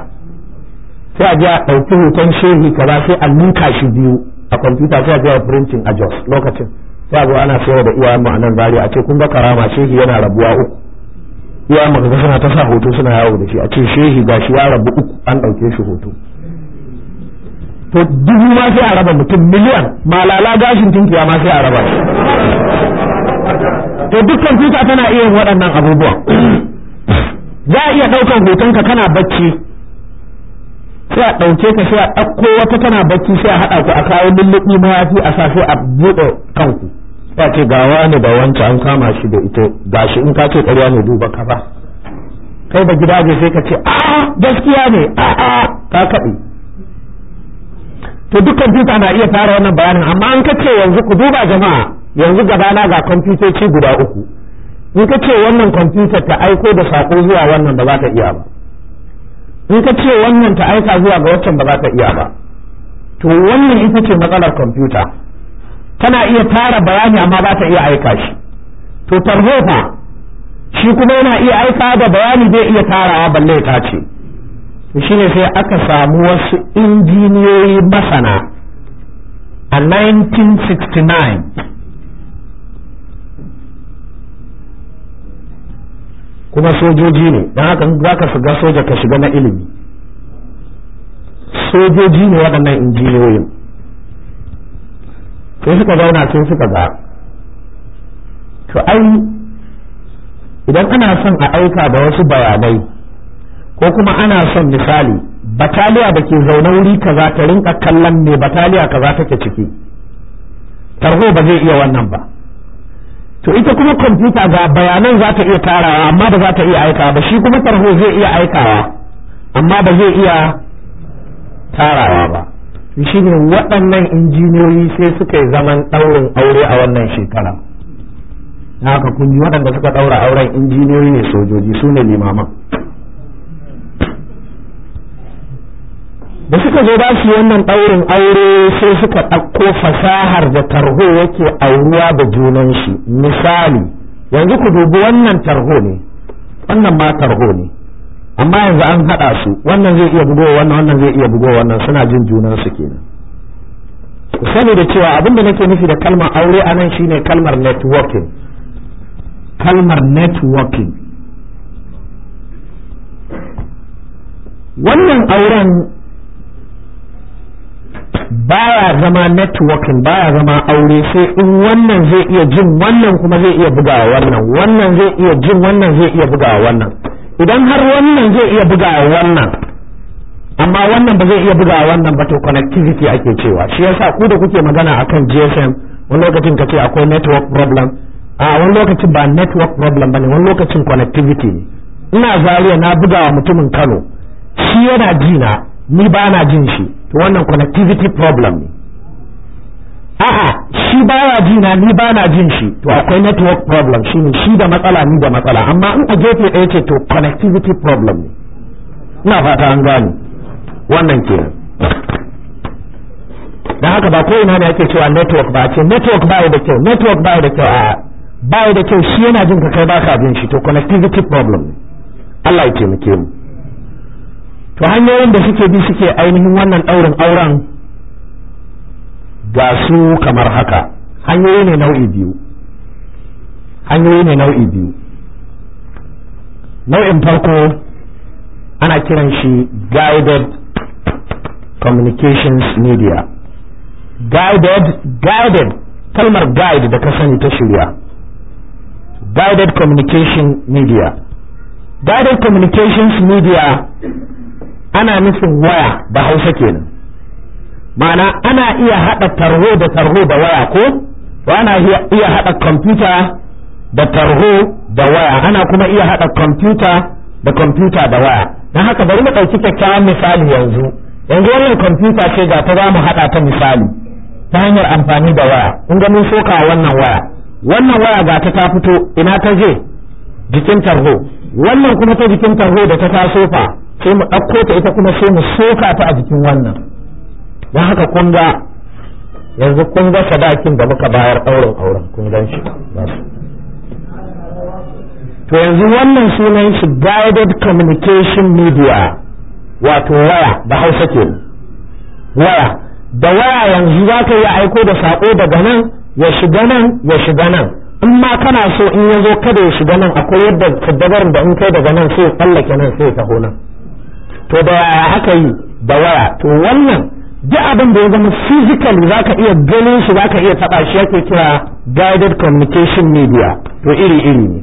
sai a je a ɗauki hoton shehi kaza sai a ninka shi biyu a kwamfuta sai a je a printing a Jos lokacin sai a zo ana sayar da iyayen mu a nan bari a ce kun ga karama shehi yana rabuwa uku iyayen mu suna ta sa hoto suna yawo da shi a ce shehi shi ya rabu uku an ɗauke shi hoto to dubu ma sai a raba mutum miliyan malala gashin tunkiya ma sai a raba shi to duk kwamfuta tana iya waɗannan abubuwan za a iya ɗaukan hotonka kana bacci sai a ɗauke ka sai a ɗauko wata tana bacci sai a haɗa ku a kawo lulluɓi mayafi a sa sai a buɗe kanku ya ce ga wani da wancan an kama shi da ita gashi in ka ce ƙarya ne duba ka ba kai da gidaje sai ka ce a gaskiya ne a a ka kaɗe to duk kwamfuta na iya fara wannan bayanin amma an ka ce yanzu ku duba jama'a yanzu gabana ga kwamfutoci guda uku in ka ce wannan kwamfutar ta aiko da saƙo zuwa wannan ba za ta iya ba in ka ce wannan ta aika zuwa ga waccan ba za ta iya ba to wannan ita ce matsalar kwamfuta tana iya tara bayani amma ba ta iya aika shi to tarhofa shi kuma yana iya aika da bayani zai iya tarawa balle ce tace shi ne sai aka samu wasu injiniyoyi masana a 1969 kuma sojoji ne don haka za ka shiga soja ka shiga na ilimi sojoji ne waɗannan injiniyoyin sai suka zauna sai suka ga to ai idan ana son a aika da wasu bayanai ko kuma ana son misali bataliya da ke zaune wuri kaza ta rinka kallon ne bataliya kaza take ciki tarho ba zai iya wannan ba to ita kuma kwamfuta ga bayanan za ta iya tarawa amma ba za ta iya aikawa ba shi kuma tarho zai iya aikawa amma ba zai iya tarawa ba shi ne waɗannan injiniyoyi sai suka yi zaman ɗaurin aure a wannan shekara haka kun ji waɗanda suka ɗaura auren injiniyoyi ne sojoji su ne limaman da suka zo ba su wannan ɗaurin aure sai suka ɗauko fasahar da tarho yake auruwa da junan shi misali yanzu ku dubi wannan tarho ne wannan ma tarho ne amma yanzu an haɗa su wannan zai iya bugowa wannan wannan zai iya bugowa wannan suna jin junan su kenan ku sani da cewa abin da nake nufi da kalmar aure a nan shine kalmar networking kalmar networking wannan auren baya zama networking baya zama aure sai in wannan zai iya jin wannan kuma zai iya bugawa wannan wannan zai iya jin wannan zai iya bugawa wannan idan har wannan zai iya bugawa wannan amma wannan ba zai iya bugawa wannan ba to connectivity ake cewa shi yasa ku da kuke magana akan GSM wani lokacin ka ce akwai network problem a wani lokacin ba network problem bane wani lokacin connectivity ne ina zariya na bugawa mutumin Kano shi yana ji na ni ba na jin shi to wannan connectivity problem ne a'a shi baya ji na ni ba na jin shi to akwai network problem shi ne shi da matsala ni da matsala amma in a gefe ɗaya ce to connectivity problem ne ina fata an gane wannan ke da haka ba ina ne ake cewa network ba ce network ba da kyau network ba da kyau a ba da kyau shi yana jin ka kai ba ka jin shi to connectivity problem ne Allah ya taimake mu to hanyoyin da suke bi suke ainihin wannan ɗaurin auren ga su kamar haka hanyoyi ne nau'i biyu hanyoyi ne nau'i biyu nau'in farko ana kiran shi guided communications media guided guided kalmar guide da ka sani ta shirya guided communication media guided communications media ana nufin waya da hausa kenan ma'ana ana iya haɗa tarho da tarho da waya ko to ana iya haɗa kwamfuta da tarho da waya ana kuma iya haɗa kwamfuta da kwamfuta da waya don haka bari mu ɗauki kyakkyawan misali yanzu yanzu wannan kwamfuta ce ga ta za mu haɗa ta misali ta hanyar amfani da waya in ga mun soka wannan waya wannan waya ga ta ta fito ina ta je jikin tarho wannan kuma ta jikin tarho da ta taso fa sai mu ɗauko ta ita kuma sai mu soka ta a jikin wannan don haka kun ga yanzu kun ga sadakin da muka bayar ɗaurin auren kun gan shi to yanzu wannan sunan shi guided communication media wato waya da hausa ke waya da waya yanzu za ka yi aiko da saƙo daga nan ya shiga nan ya shiga nan in ma kana so in ya zo kada ya shiga nan akwai yadda kaddabarin da in kai daga nan sai ya tsallake nan sai ya taho nan to da haka yi da waya to wannan duk abin da ya zama physical za ka iya ganin shi za ka iya taɓa shi ake kira guided communication media to iri iri ne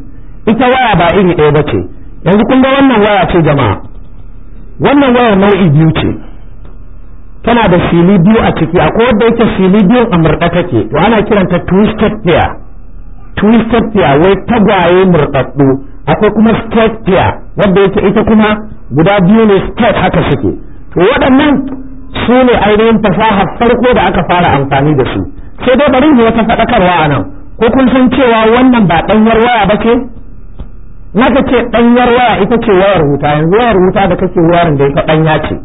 ita waya ba iri ɗaya ba ce yanzu kun ga wannan waya ce jama'a wannan waya nau'i biyu ce tana da fili biyu a ciki akwai wadda yake fili biyu a murɗa take to ana kiranta twisted pair twisted pair wai tagwaye murɗaɗɗu akwai kuma straight pair wadda yake ita kuma guda biyu ne state haka suke to waɗannan su ne ainihin fasaha farko da aka fara amfani da su sai dai bari wata faɗakarwa a nan ko kun san cewa wannan ba ɗanyar waya ba ce naka ce ɗanyar waya ita ce wayar wuta yanzu wayar wuta da kake wayar da ita ɗanya ce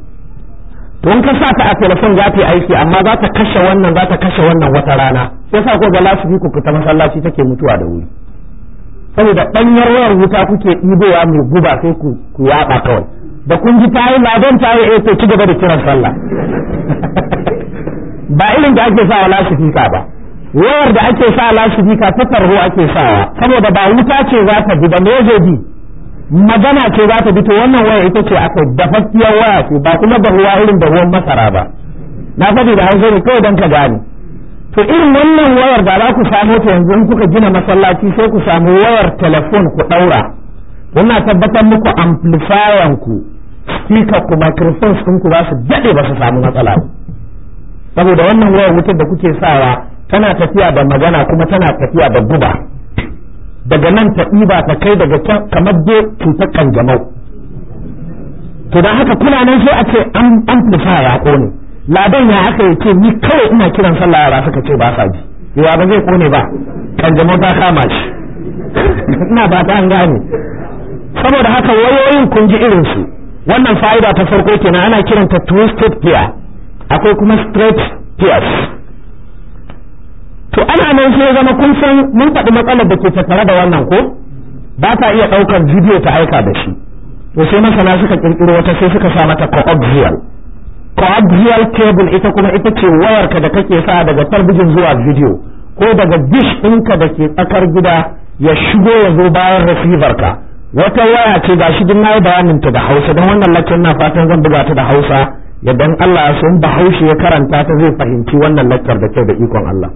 to in ka sa ta a telefon za ta aiki amma za ta kashe wannan za ta kashe wannan wata rana sai sa ko ga lafi ku fita masallaci take mutuwa da wuri saboda ɗanyar wayar wuta kuke ɗibowa mai guba sai ku yaɗa kawai da kun ji tayi ladan tayi eh to ci gaba da kiran sallah *laughs* ba irin da ake wa lashifika ba wayar da ake sa lashifika ta tarho ake sawa saboda ba wuta ce za ta bi ba ne bi magana ce za ta bi to wannan waya ita ce aka dafaffiyar waya ce ba kuma da ruwa irin da ruwan masara ba na faɗi da hausa ne kawai don ka gane to irin wannan wayar da za ku samu ta yanzu in kuka gina masallaci sai ku samu wayar telefon ku ɗaura wannan tabbatar muku amplifier ku speaker ku microphones ɗin ku ba su daɗe ba su samu matsala saboda wannan wayar wutar da kuke sawa tana tafiya da magana kuma tana tafiya da guba daga nan ta ɗiba ta kai daga can kamar dai cutar kanjamau to don haka kuna nan sai a ce amplifier ya ƙone ladan ya haka ya ce ni kawai ina kiran sallah yara suka ce ba sa ji yawa ba zai kone ba kanjamau ta kama shi *laughs* ina ba ta gane saboda haka wayoyin kun ji irin su wannan fa'ida ta farko kenan ana kiranta twisted gear akwai kuma straight gears to ana nan sai zama kun san mun faɗi matsalar da ke tattare da wannan ko ba ta iya ɗaukar bidiyo ta aika da shi to sai masana suka ƙirƙiro wata sai suka sa mata coaxial coaxial cable ita kuma ita ce wayarka da kake sa daga talbijin zuwa video ko daga dish ɗinka da ke tsakar gida ya shigo ya zo bayan receiver ka wata waya ce ga shi bayanin ta da hausa don wannan laccar na fatan zan buga ta da hausa yadda Allah ya san bahaushe ya karanta ta zai fahimci wannan laccar da kyau da ikon Allah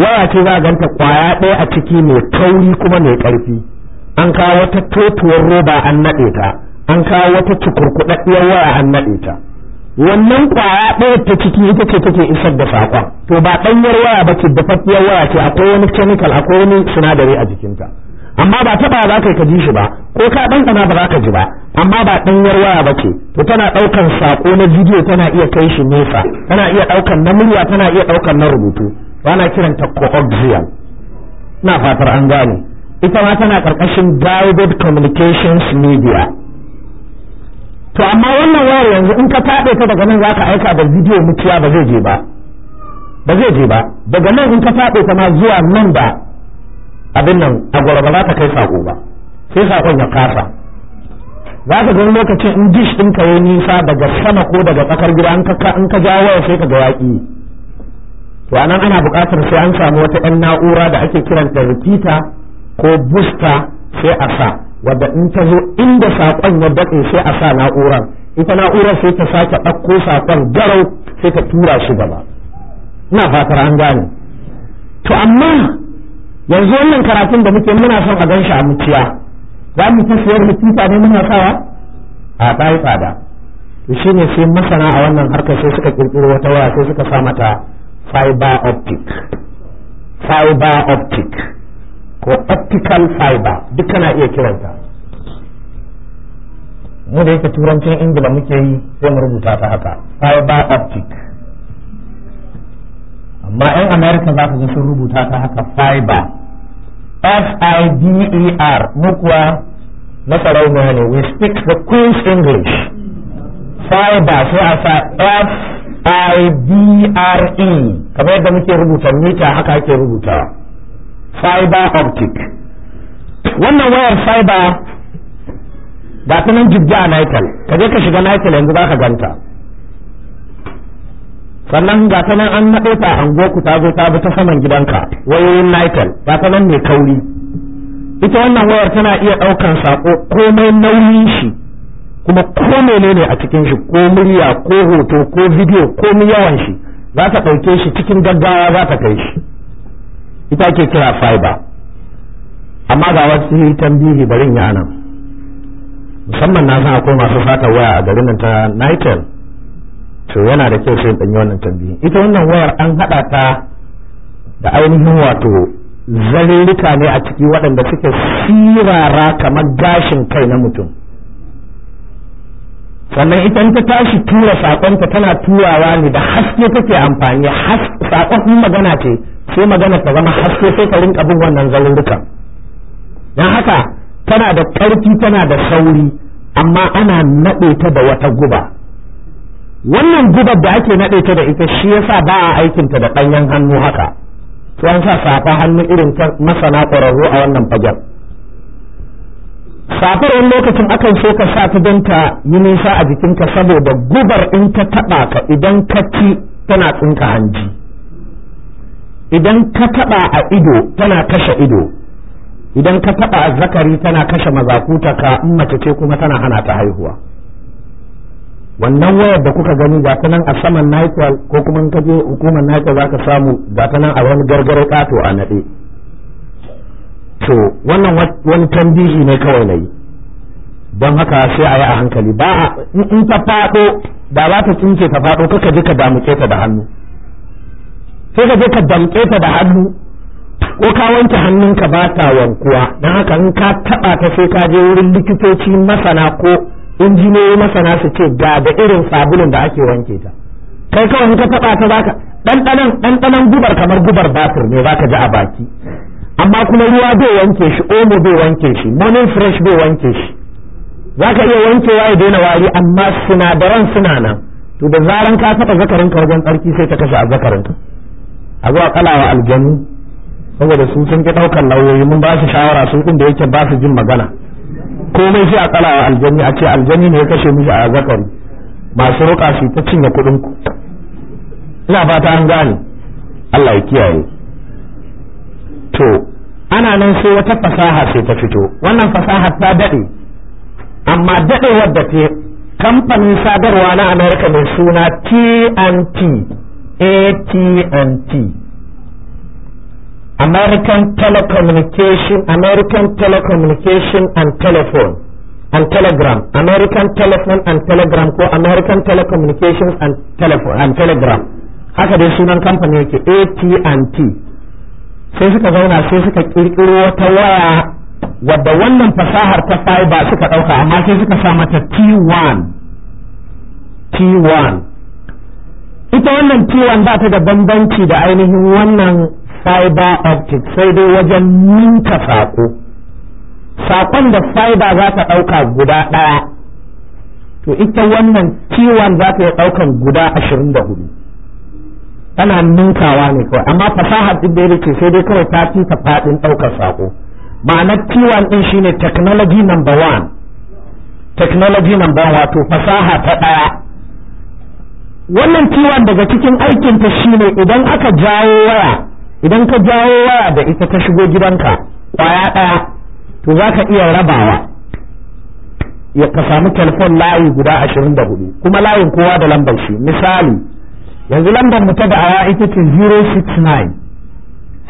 waya ce za a ganta kwaya ɗaya a ciki mai tauri kuma mai ƙarfi an kawo wata totuwar roba an naɗe ta an kawo wata cukurkuɗaɗɗiyar waya an naɗe ta wannan kwaya ɗaya ta ciki ita ce take isar da saƙon to ba ɗanyar waya ba ce dafaffiyar waya ce akwai wani chemical akwai wani sinadari a jikinta amma ba taɓa za ka ji shi ba ko ka ɗanɗana ba za ka ji ba amma ba ɗanyar waya ba ce to tana ɗaukan saƙo na bidiyo tana iya kai shi nesa tana iya ɗaukan na murya tana iya ɗaukan na rubutu ana kiranta coaxial na fatar an gane ita ma tana ƙarƙashin guided communications media to amma wannan wayar yanzu in ka taɓe ta daga nan za ka aika da bidiyo mutuwa ba zai je ba ba zai je ba daga nan in ka taɓe ta ma zuwa nan ba abin nan a gwara ba za ta kai sako ba sai sakon ya kasa za ka gani lokacin in dish ɗin ka yi nisa daga sama ko daga tsakar gida in ka ja waya sai ka ga waƙi to anan ana buƙatar sai an samu wata ɗan na'ura da ake kiranta rikita ko busta sai a sa wadda in ta zo inda saƙon ya daɗe sai a sa na'urar ita na'urar sai ta sake ɗauko saƙon garau sai ta tura shi gaba ina fatar an gane to amma yanzu wannan karatun da muke muna son a gan a muciya za mu ta siyar da tuta ne muna sawa a ɗaya fada to shi ne sai masana a wannan harkar sai suka ƙirƙiro wata waya sai suka sa mata fiber optic fiber optic ko optical fiber duk kana iya kiranta mu da yake turancin ingila muke yi sai mu rubuta ta haka fiber optic amma 'yan america za ka sun rubuta ta haka fiber F-I-B-E-R mukuwa masarauniya ne we speak the Queen's English fiber sai a sa F-I-B-R-E kamar yadda muke rubuta mita haka ake rubuta fiber optic wannan wayar fiber ba ta nan jibja a nitel ka je ka shiga nitel yanzu za ka ganta sannan ga ta nan an naɗe ta an ku ta zo ta bi ta saman gidanka wayoyin nitel ga ta nan mai kauri ita wannan wayar tana iya ɗaukan saƙo komai nauyin shi kuma ko menene a cikin shi ko murya ko hoto ko bidiyo ko yawan shi za ta ɗauke shi cikin gaggawa za ta kai shi ita ake kira fiber amma ga wasu tambihi barin ya nan musamman na san akwai masu sata waya a garin nan ta nitel to yana da kyau sai in wannan tambihi ita wannan wayar an haɗa ta da ainihin wato zalilika ne a ciki waɗanda suke sirara kamar gashin kai na mutum sannan ita ta tashi tura sakonta tana turawa ne da haske take amfani sakon magana ce sai magana ta zama haske sai ka rinka bin wannan zalurukan. don haka tana da ƙarfi tana da sauri amma ana naɗe ta da wata guba wannan gubar da ake naɗe ta da ita shi yasa ba a aikinta da ɗanyen hannu haka to an sa safa hannu irin masana ƙwararru a wannan fagen safar wani lokacin akan so ka sa ta don ta yi nisa a jikinka saboda gubar in ta taɓa ka idan ka ci tana tsinka hanji idan ka taɓa a ido tana kashe ido idan ka taba a zakari tana kashe mazakuta ka in mace ce kuma tana hana ta haihuwa wannan wayar da kuka gani ga ta nan a saman naikwal ko kuma in ka je hukumar naikwal za ka samu ga ta nan a wani gargara kato a naɗe to wannan wani tambihi ne kawai na yi don haka sai a yi a hankali ba in ta faɗo da za ta tsinke ta faɗo kaka je ka damuke ta da hannu sai ka je ka damuke ta da hannu ko ka wanke hannunka ba ta wankuwa don haka in ka taɓa ta sai ka je wurin likitoci masana ko injiniyoyi masana su ce ga da irin sabulun da ake wanke ta kai kawai in ka taɓa ta ka ɗanɗanan gubar kamar gubar batir ne ka ji a baki amma kuma ruwa bai wanke shi omo bai wanke shi morning fresh bai wanke shi za ka iya wankewa ya daina wari amma sinadaran suna nan to da zaran ka taɓa zakarin ka wajen tsarki sai ka kashe a zakarin ka a zuwa kalawa aljanu saboda sun sun ki lauyoyi mun ba su shawara sun kun da yake ba su jin magana komai sai a kalawa aljani a ce aljani ne ya kashe mishi a zakari masu roƙa shi ta cinye kuɗin ku ina fata an gane Allah ya kiyaye to ana nan sai wata fasaha sai ta fito wannan fasaha ta daɗe amma daɗewar wadda ta kamfanin sadarwa na amerika mai suna tnt atnt American Telecommunication American Telecommunication and Telephone and Telegram American Telephone and Telegram ko American Telecommunications and Telephone and Telegram haka dai sunan kamfanin yake atnt sai suka zauna sai suka kirkiro wata waya wadda wannan fasahar ta fiber suka ɗauka amma sai suka sa mata T1 T1 ita wannan T1 ba ta da bambanci da ainihin wannan fiber optic sai dai wajen ninka saƙo saƙon da fiber za ta ɗauka guda ɗaya to ita wannan T1 za ta yi ɗaukan guda ashirin da hudu tana ninkawa ne kawai amma fasaha duk da yake sai dai kawai ta ci ta faɗin ɗaukar sako ma'anar ciwon ɗin din shine technology number one technology number one wato fasaha ta ɗaya wannan ciwon daga cikin aikin ta shine idan aka jawo waya idan ka jawo waya da ita ta shigo gidanka kwaya ɗaya to zaka iya rabawa ya ka samu telefon layi guda ashirin da hudu kuma layin kowa da lambar shi misali yanzu lambar mu ta aya ita ce 069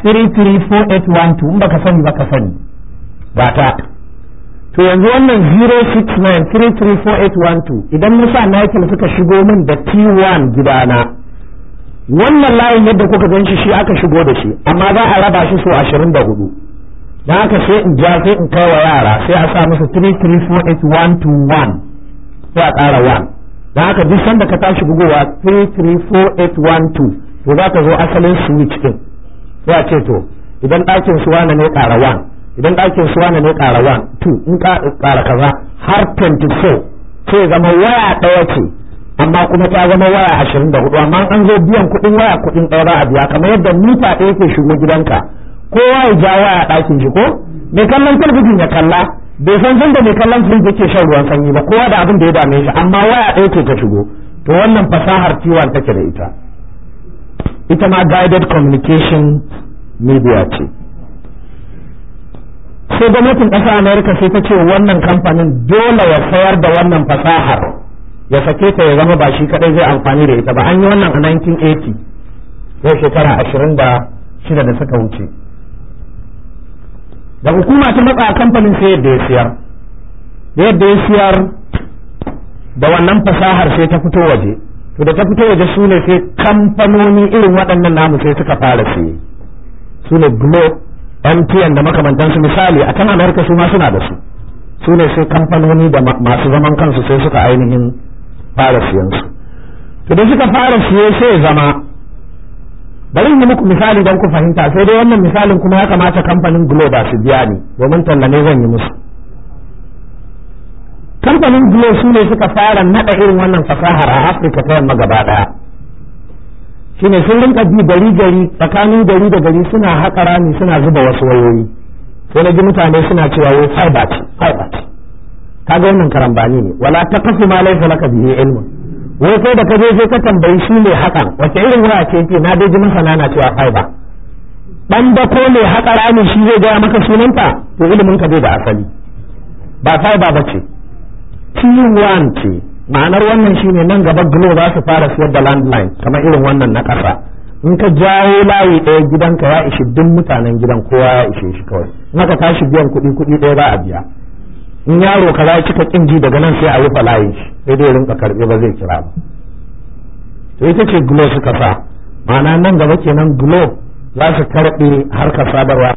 334812 in baka sani baka sani ba ta to yanzu wannan 069 334812 idan musa Michael suka shigo min da T1 gidana wannan layin yadda kuka gan shi shi aka shigo da shi amma za a raba shi so 24 dan haka sai in ja sai in kai wa yara sai a sa musu 334812 sai a ƙara 1 da haka duk sanda ka tashi bugowa 334812 to za ka zo asalin switch din sai a ce to idan ɗakin su wane ne ƙara 1 idan ɗakin su wane ne ƙara 1 2 in ƙara kaza har 24 sai zama waya ɗaya ce amma kuma ta zama waya 24 amma an zo biyan kuɗin waya kuɗin ɗaya za a biya kamar yadda mita ɗaya ke shigo gidanka kowa ya ja waya ɗakin shi ko mai kallon talabijin ya kalla bai san san da mai kallon firij yake shan ruwan sanyi ba kowa da abin da ya dame shi amma waya ɗaya ce ta shigo to wannan fasahar ciwon take da ita ita ma guided communication media ce sai gwamnatin ƙasar america sai ta ce wannan kamfanin dole ya sayar da wannan fasahar ya sake ta ya zama ba shi kadai zai amfani da ita ba an yi wannan a 1980 ya shekara ashirin da shida da suka wuce da hukuma ta matsa kamfanin sai yadda ya siyar yadda ya siyar da wannan fasahar sai ta fito waje to da ta fito waje su ne sai kamfanoni irin waɗannan namu sai suka fara siye su ne globe mtn da makamantansu misali a kan amurka su ma suna da su su ne sai kamfanoni da masu zaman kansu sai suka ainihin fara siyansu to da suka fara siye sai zama bari in muku misali don ku fahimta sai dai wannan misalin kuma ya kamata kamfanin globa su biya ni domin tallane zan yi musu kamfanin Glo su ne suka fara naɗa irin wannan fasahar a Afirka ta yamma gaba ɗaya shine sun rinka bi gari gari tsakanin gari da gari suna haƙa rami suna zuba wasu wayoyi sai na ji mutane suna cewa wai fiber ce fiber ce kaga wannan karambani ne wala taqfu ma laysa laka bihi ilmun wai sai da ka je ka tambayi shi ne hakan wace irin wa ce ce na dai jimin masana na cewa ba dan da ko mai haka rani shi zai gaya maka sunanta to ilimin ka bai da asali ba fiber ba ce T1 ce ma'anar wannan shine nan gaba glo za su fara siyar da landline kamar irin wannan na kasa in ka jawo layi ɗaya gidanka ya ishi duk mutanen gidan kowa ya ishe shi kawai in aka tashi biyan kuɗi kuɗi ɗaya ba a biya in yaro kaza ya kika kin daga nan sai a rufe layin shi sai dai rinka karbe ba zai kira ba to ita ce glo suka sa ma'ana nan gaba kenan glo za su karbe harkar sadarwa